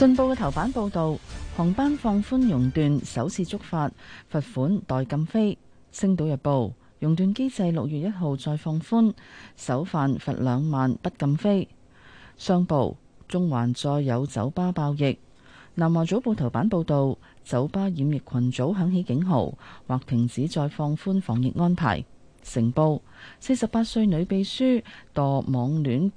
C: 信報嘅頭版報導，航班放寬熔斷首次觸發罰款，待禁飛。星島日報，熔斷機制六月一號再放寬，首犯罰兩萬，不禁飛。商報，中環再有酒吧爆疫。南華早報頭版報導，酒吧染疫群組響起警號，或停止再放寬防疫安排。成報，四十八歲女秘書墮網戀。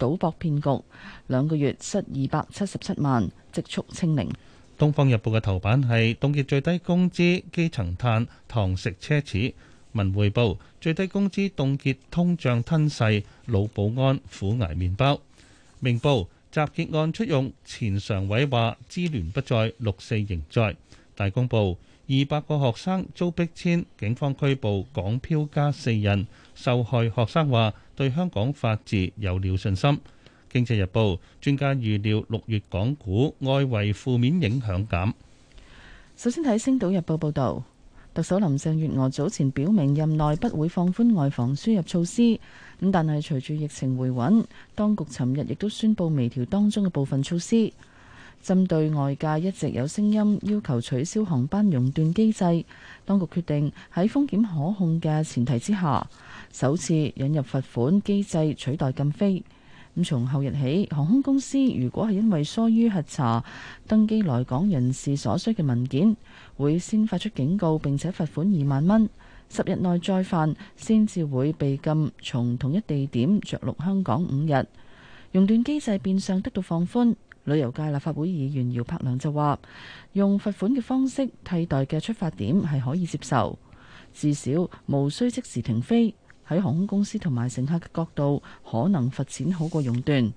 C: 賭博騙局，兩個月失二百七十七萬，積蓄清零。
D: 東方日報嘅頭版係凍結最低工資，基層嘆堂食奢侈。文匯報最低工資凍結，通脹吞噬老保安苦挨麵包。明報集結案出用前常委話支聯不再，六四仍在。大公報二百個學生遭逼遷，警方拘捕港漂加四人。受害學生話。對香港法治有了信心。經濟日報專家，預料六月港股外圍負面影響減。
C: 首先睇《星島日報》報道，特首林鄭月娥早前表明任內不會放寬外防輸入措施，咁但係隨住疫情回穩，當局尋日亦都宣布微調當中嘅部分措施。針對外界一直有聲音要求取消航班熔斷機制，當局決定喺風險可控嘅前提之下，首次引入罰款機制取代禁飛。咁從後日起，航空公司如果係因為疏於核查登機來港人士所需嘅文件，會先發出警告並且罰款二萬蚊。十日內再犯，先至會被禁從同一地點着陸香港五日。熔斷機制變相得到放寬。旅遊界立法會議員姚柏良就話：用罰款嘅方式替代嘅出發點係可以接受，至少無需即時停飛。喺航空公司同埋乘客嘅角度，可能罰錢好過熔斷。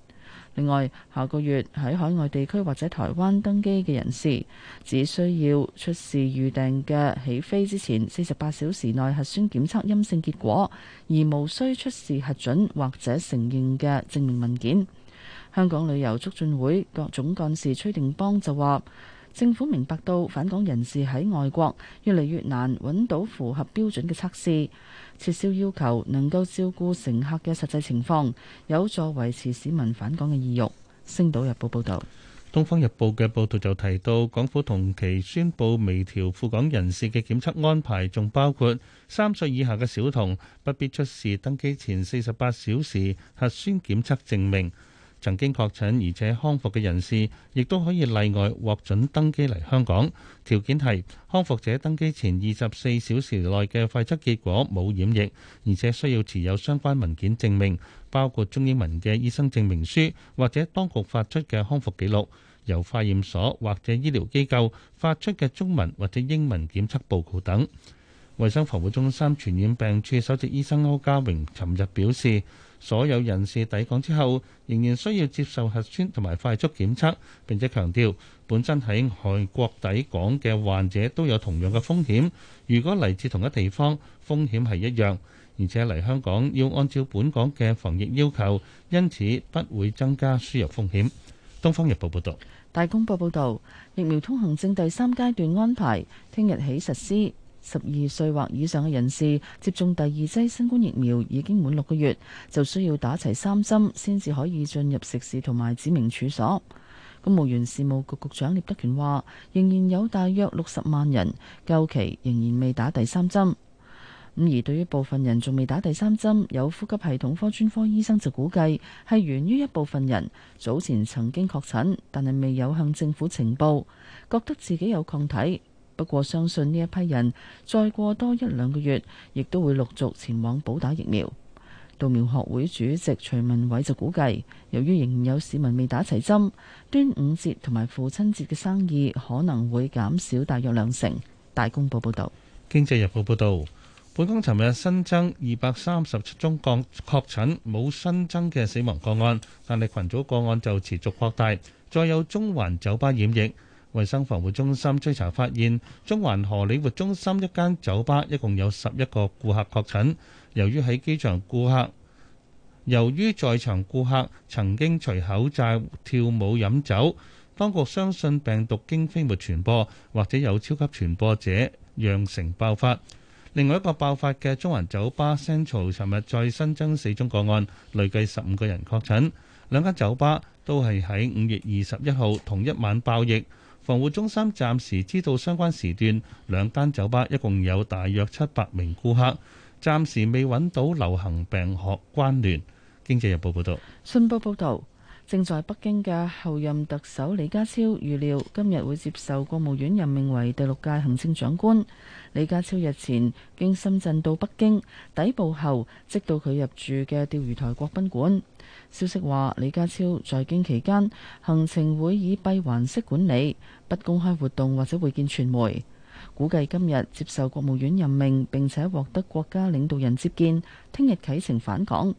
C: 另外，下個月喺海外地區或者台灣登機嘅人士，只需要出示預定嘅起飛之前四十八小時內核酸檢測陰性結果，而無需出示核准或者承認嘅證明文件。香港旅遊促進會各總幹事崔定邦就話：政府明白到返港人士喺外國越嚟越難揾到符合標準嘅測試，撤銷要求能夠照顧乘客嘅實際情況，有助維持市民返港嘅意欲。《星島日報》報道，《東方日報》
D: 嘅報道就提到，港府同期宣布微調赴港人士嘅檢測安排，仲包括三歲以下嘅小童不必出示登機前四十八小時核酸檢測證明。曾經確診而且康復嘅人士，亦都可以例外獲准登機嚟香港。條件係康復者登機前二十四小時內嘅快測結果冇染疫，而且需要持有相關文件證明，包括中英文嘅醫生證明書或者當局發出嘅康復記錄，由化驗所或者醫療機構發出嘅中文或者英文檢測報告等。衛生防護中心傳染病處首席醫生歐家榮尋日表示。所有人士抵港之後，仍然需要接受核酸同埋快速檢測。並且強調，本身喺外國抵港嘅患者都有同樣嘅風險。如果嚟自同一地方，風險係一樣。而且嚟香港要按照本港嘅防疫要求，因此不會增加輸入風險。《東方日報》報導，
C: 《大公報》報導，疫苗通行證第三階段安排聽日起實施。十二歲或以上嘅人士接種第二劑新冠疫苗已經滿六個月，就需要打齊三針，先至可以進入食肆同埋指明處所。公務員事務局局長聶德權話，仍然有大約六十萬人，到期仍然未打第三針。咁而對於部分人仲未打第三針，有呼吸系統科專科醫生就估計係源於一部分人早前曾經確診，但係未有向政府情報，覺得自己有抗體。不過相信呢一批人再過多一兩個月，亦都會陸續前往補打疫苗。杜苗學會主席徐文偉就估計，由於仍然有市民未打齊針，端午節同埋父親節嘅生意可能會減少大約兩成。大公報報導，
D: 《經濟日報》報導，本港尋日新增二百三十七宗確診，冇新增嘅死亡個案，但係群組個案就持續擴大，再有中環酒吧染疫。衞生防護中心追查發現，中環荷里活中心一間酒吧一共有十一個顧客確診。由於喺機場顧客，由於在場顧客曾經除口罩跳舞飲酒，當局相信病毒經飛沫傳播，或者有超級傳播者釀成爆發。另外一個爆發嘅中環酒吧 Central 尋日再新增四宗個案，累計十五個人確診。兩間酒吧都係喺五月二十一號同一晚爆疫。防護中心暫時知道相關時段兩間酒吧一共有大約七百名顧客，暫時未揾到流行病學關聯。經濟日報報道，
C: 信報報道，正在北京嘅後任特首李家超預料今日會接受國務院任命為第六屆行政長官。李家超日前經深圳到北京抵埗後，即到佢入住嘅釣魚台國賓館。消息話，李家超在京期間行程會以閉環式管理，不公開活動或者會見傳媒。估計今日接受國務院任命並且獲得國家領導人接見，聽日啟程返港。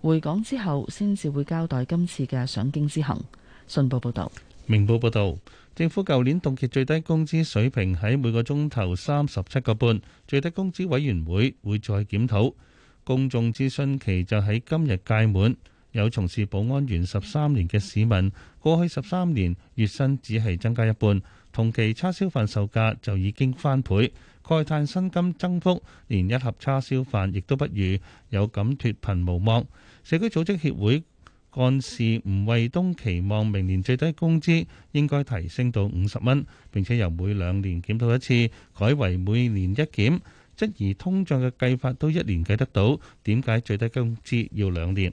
C: 回港之後，先至會交代今次嘅上京之行。信報報道，
D: 明報報道，政府舊年凍結最低工資水平喺每個鐘頭三十七個半，最低工資委員會會再檢討，公眾諮詢期就喺今日屆滿。有從事保安員十三年嘅市民，過去十三年月薪只係增加一半，同期叉燒飯售價就已經翻倍，慨嘆薪金增幅連一盒叉燒飯亦都不如，有感脱貧無望。社區組織協會幹事吳衛東期望明年最低工資應該提升到五十蚊，並且由每兩年檢討一次改為每年一檢，質疑通脹嘅計法都一年計得到，點解最低工資要兩年？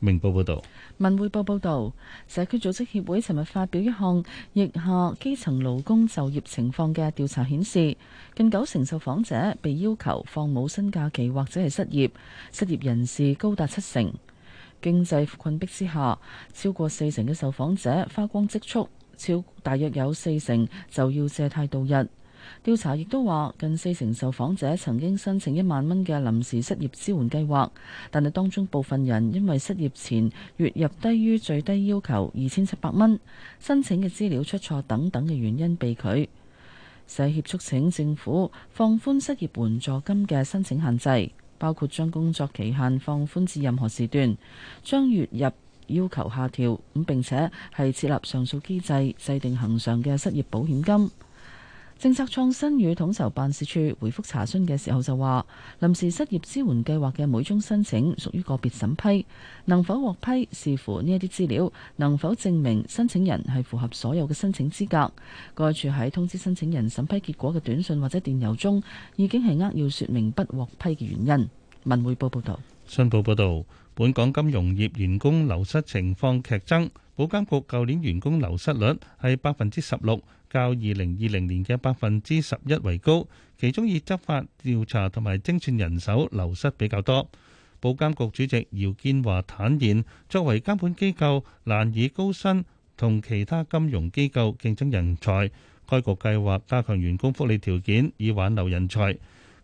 D: 明報報道，
C: 文匯報報道，社區組織協會尋日發表一項疫下基層勞工就業情況嘅調查顯示，近九成受訪者被要求放冇薪假期或者係失業，失業人士高達七成。經濟困逼之下，超過四成嘅受訪者花光積蓄，超大約有四成就要借貸度日。調查亦都話，近四成受訪者曾經申請一萬蚊嘅臨時失業支援計劃，但係當中部分人因為失業前月入低於最低要求二千七百蚊，申請嘅資料出錯等等嘅原因被拒。社協促請政府放寬失業援助金嘅申請限制，包括將工作期限放寬至任何時段，將月入要求下調，咁並且係設立上訴機制，制定恒常嘅失業保險金。政策創新與統籌辦事處回覆查詢嘅時候就話，臨時失業支援計劃嘅每宗申請屬於個別審批，能否獲批視乎呢一啲資料能否證明申請人係符合所有嘅申請資格。該處喺通知申請人審批結果嘅短信或者電郵中，已經係扼要說明不獲批嘅原因。文匯報報道。
D: 新報報導。本港金融業員工流失情況劇增，保監局舊年員工流失率係百分之十六，較二零二零年嘅百分之十一為高。其中以執法調查同埋精算人手流失比較多。保監局主席姚建華坦言，作為監管機構，難以高薪同其他金融機構競爭人才。該局計劃加強員工福利條件，以挽留人才。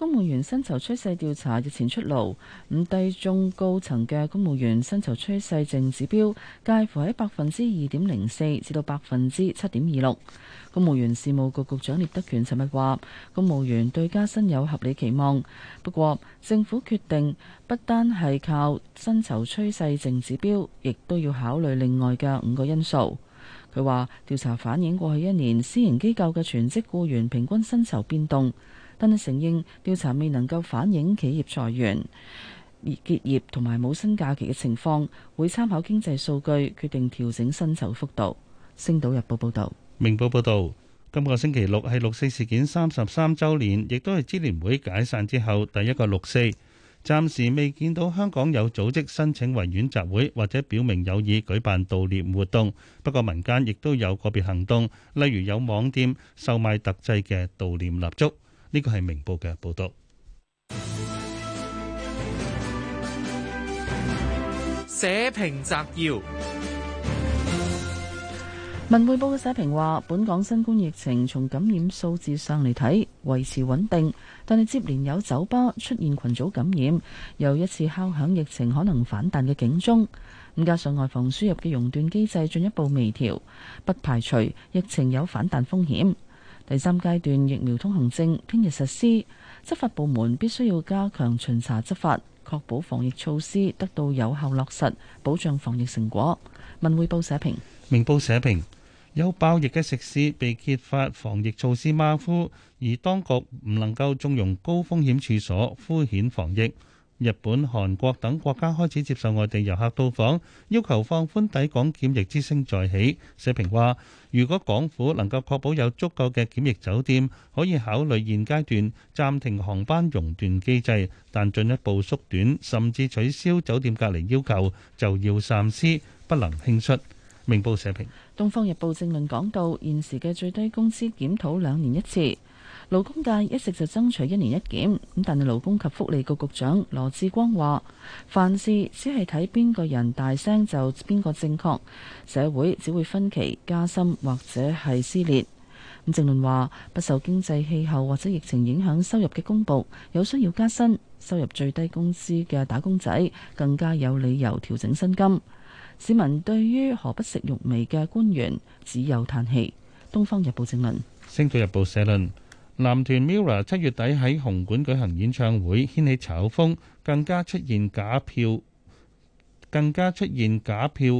C: 公務員薪酬趨勢調查日前出爐，五低、中、高層嘅公務員薪酬趨勢淨指標介乎喺百分之二點零四至到百分之七點二六。公務員事務局局,局長聶德權尋日話：，公務員對加薪有合理期望，不過政府決定不單係靠薪酬趨勢淨指標，亦都要考慮另外嘅五個因素。佢話調查反映過去一年私營機構嘅全職雇員平均薪酬變動。但係承認調查未能夠反映企業裁員、結業同埋冇薪假期嘅情況，會參考經濟數據決定調整薪酬幅度。星島日報報導，
D: 明報報導，今個星期六係六四事件三十三週年，亦都係支聯會解散之後第一個六四。暫時未見到香港有組織申請維園集會或者表明有意舉辦悼念活動，不過民間亦都有個別行動，例如有網店售賣特製嘅悼念蠟燭。呢個係明報嘅報道。
A: 社評摘要：
C: 文匯報嘅社評話，本港新冠疫情從感染數字上嚟睇維持穩定，但係接連有酒吧出現群組感染，又一次敲響疫情可能反彈嘅警鐘。咁加上外防輸入嘅熔斷機制進一步微調，不排除疫情有反彈風險。第三階段疫苗通行證聽日實施，執法部門必須要加強巡查執法，確保防疫措施得到有效落實，保障防疫成果。文匯報社評、
D: 明報社評，有爆疫嘅食肆被揭發防疫措施馬虎，而當局唔能夠縱容高風險處所敷衍防疫。日本、韓國等國家開始接受外地遊客到訪，要求放寬抵港檢疫之聲再起。社評話，如果港府能夠確保有足夠嘅檢疫酒店，可以考慮現階段暫停航班熔斷機制；但進一步縮短甚至取消酒店隔離要求，就要三思，不能輕率。明報社評。
C: 東方日報正論講到，現時嘅最低工資檢討兩年一次。勞工界一直就爭取一年一檢咁，但係勞工及福利局局長羅志光話：凡事只係睇邊個人大聲就邊個正確，社會只會分歧加深或者係撕裂。咁政論話，不受經濟氣候或者疫情影響收入嘅公僕有需要加薪，收入最低工資嘅打工仔更加有理由調整薪金。市民對於何不食肉糜嘅官員只有嘆氣。《東方日報》政論，
D: 《星島日報》社論。男團 MIRROR 七月底喺紅館舉行演唱會，掀起炒風，更加出現假票，更加出現假票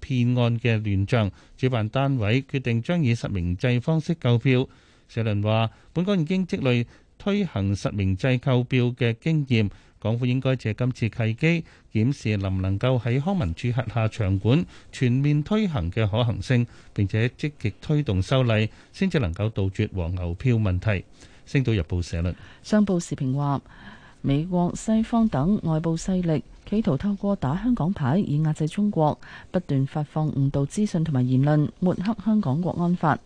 D: 騙案嘅亂象。主辦單位決定將以實名制方式購票。社論話：本港已經積累推行實名制購票嘅經驗。港府應該借今次契機，檢視能唔能夠喺康文署轄下場館全面推行嘅可行性，並且積極推動修例，先至能夠杜絕黃牛票問題。《星島日報》社論
C: 商報時評話：美國、西方等外部勢力企圖透過打香港牌以壓制中國，不斷發放誤導資訊同埋言論，抹黑香港國安法。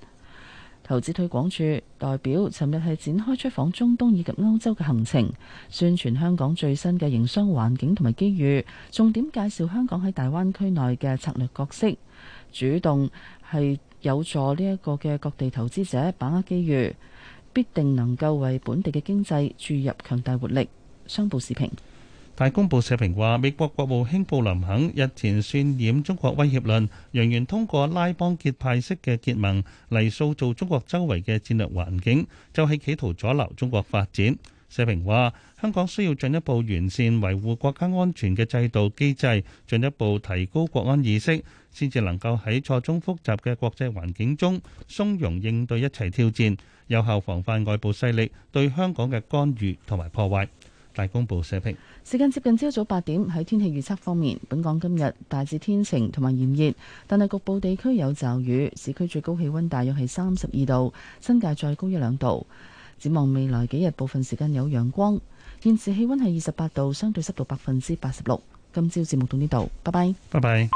C: 投資推廣處代表，尋日係展開出訪中東以及歐洲嘅行程，宣傳香港最新嘅營商環境同埋機遇，重點介紹香港喺大灣區內嘅策略角色，主動係有助呢一個嘅各地投資者把握機遇，必定能夠為本地嘅經濟注入強大活力。商報視頻。
D: 大公報社評話，美國國務卿布林肯日前渲染中國威脅論，揚言通過拉幫結派式嘅結盟嚟塑造中國周圍嘅戰略環境，就係企圖阻撓中國發展。社評話，香港需要進一步完善維護國家安全嘅制度機制，進一步提高國安意識，先至能夠喺錯綜複雜嘅國際環境中從容應對一切挑戰，有效防範外部勢力對香港嘅干預同埋破壞。大公報社評，
C: 時間接近朝早八點。喺天氣預測方面，本港今日大致天晴同埋炎熱，但係局部地區有驟雨。市區最高氣溫大約係三十二度，新界再高一兩度。展望未來幾日，部分時間有陽光。現時氣溫係二十八度，相對濕度百分之八十六。今朝節目到呢度，拜拜。
B: 拜拜。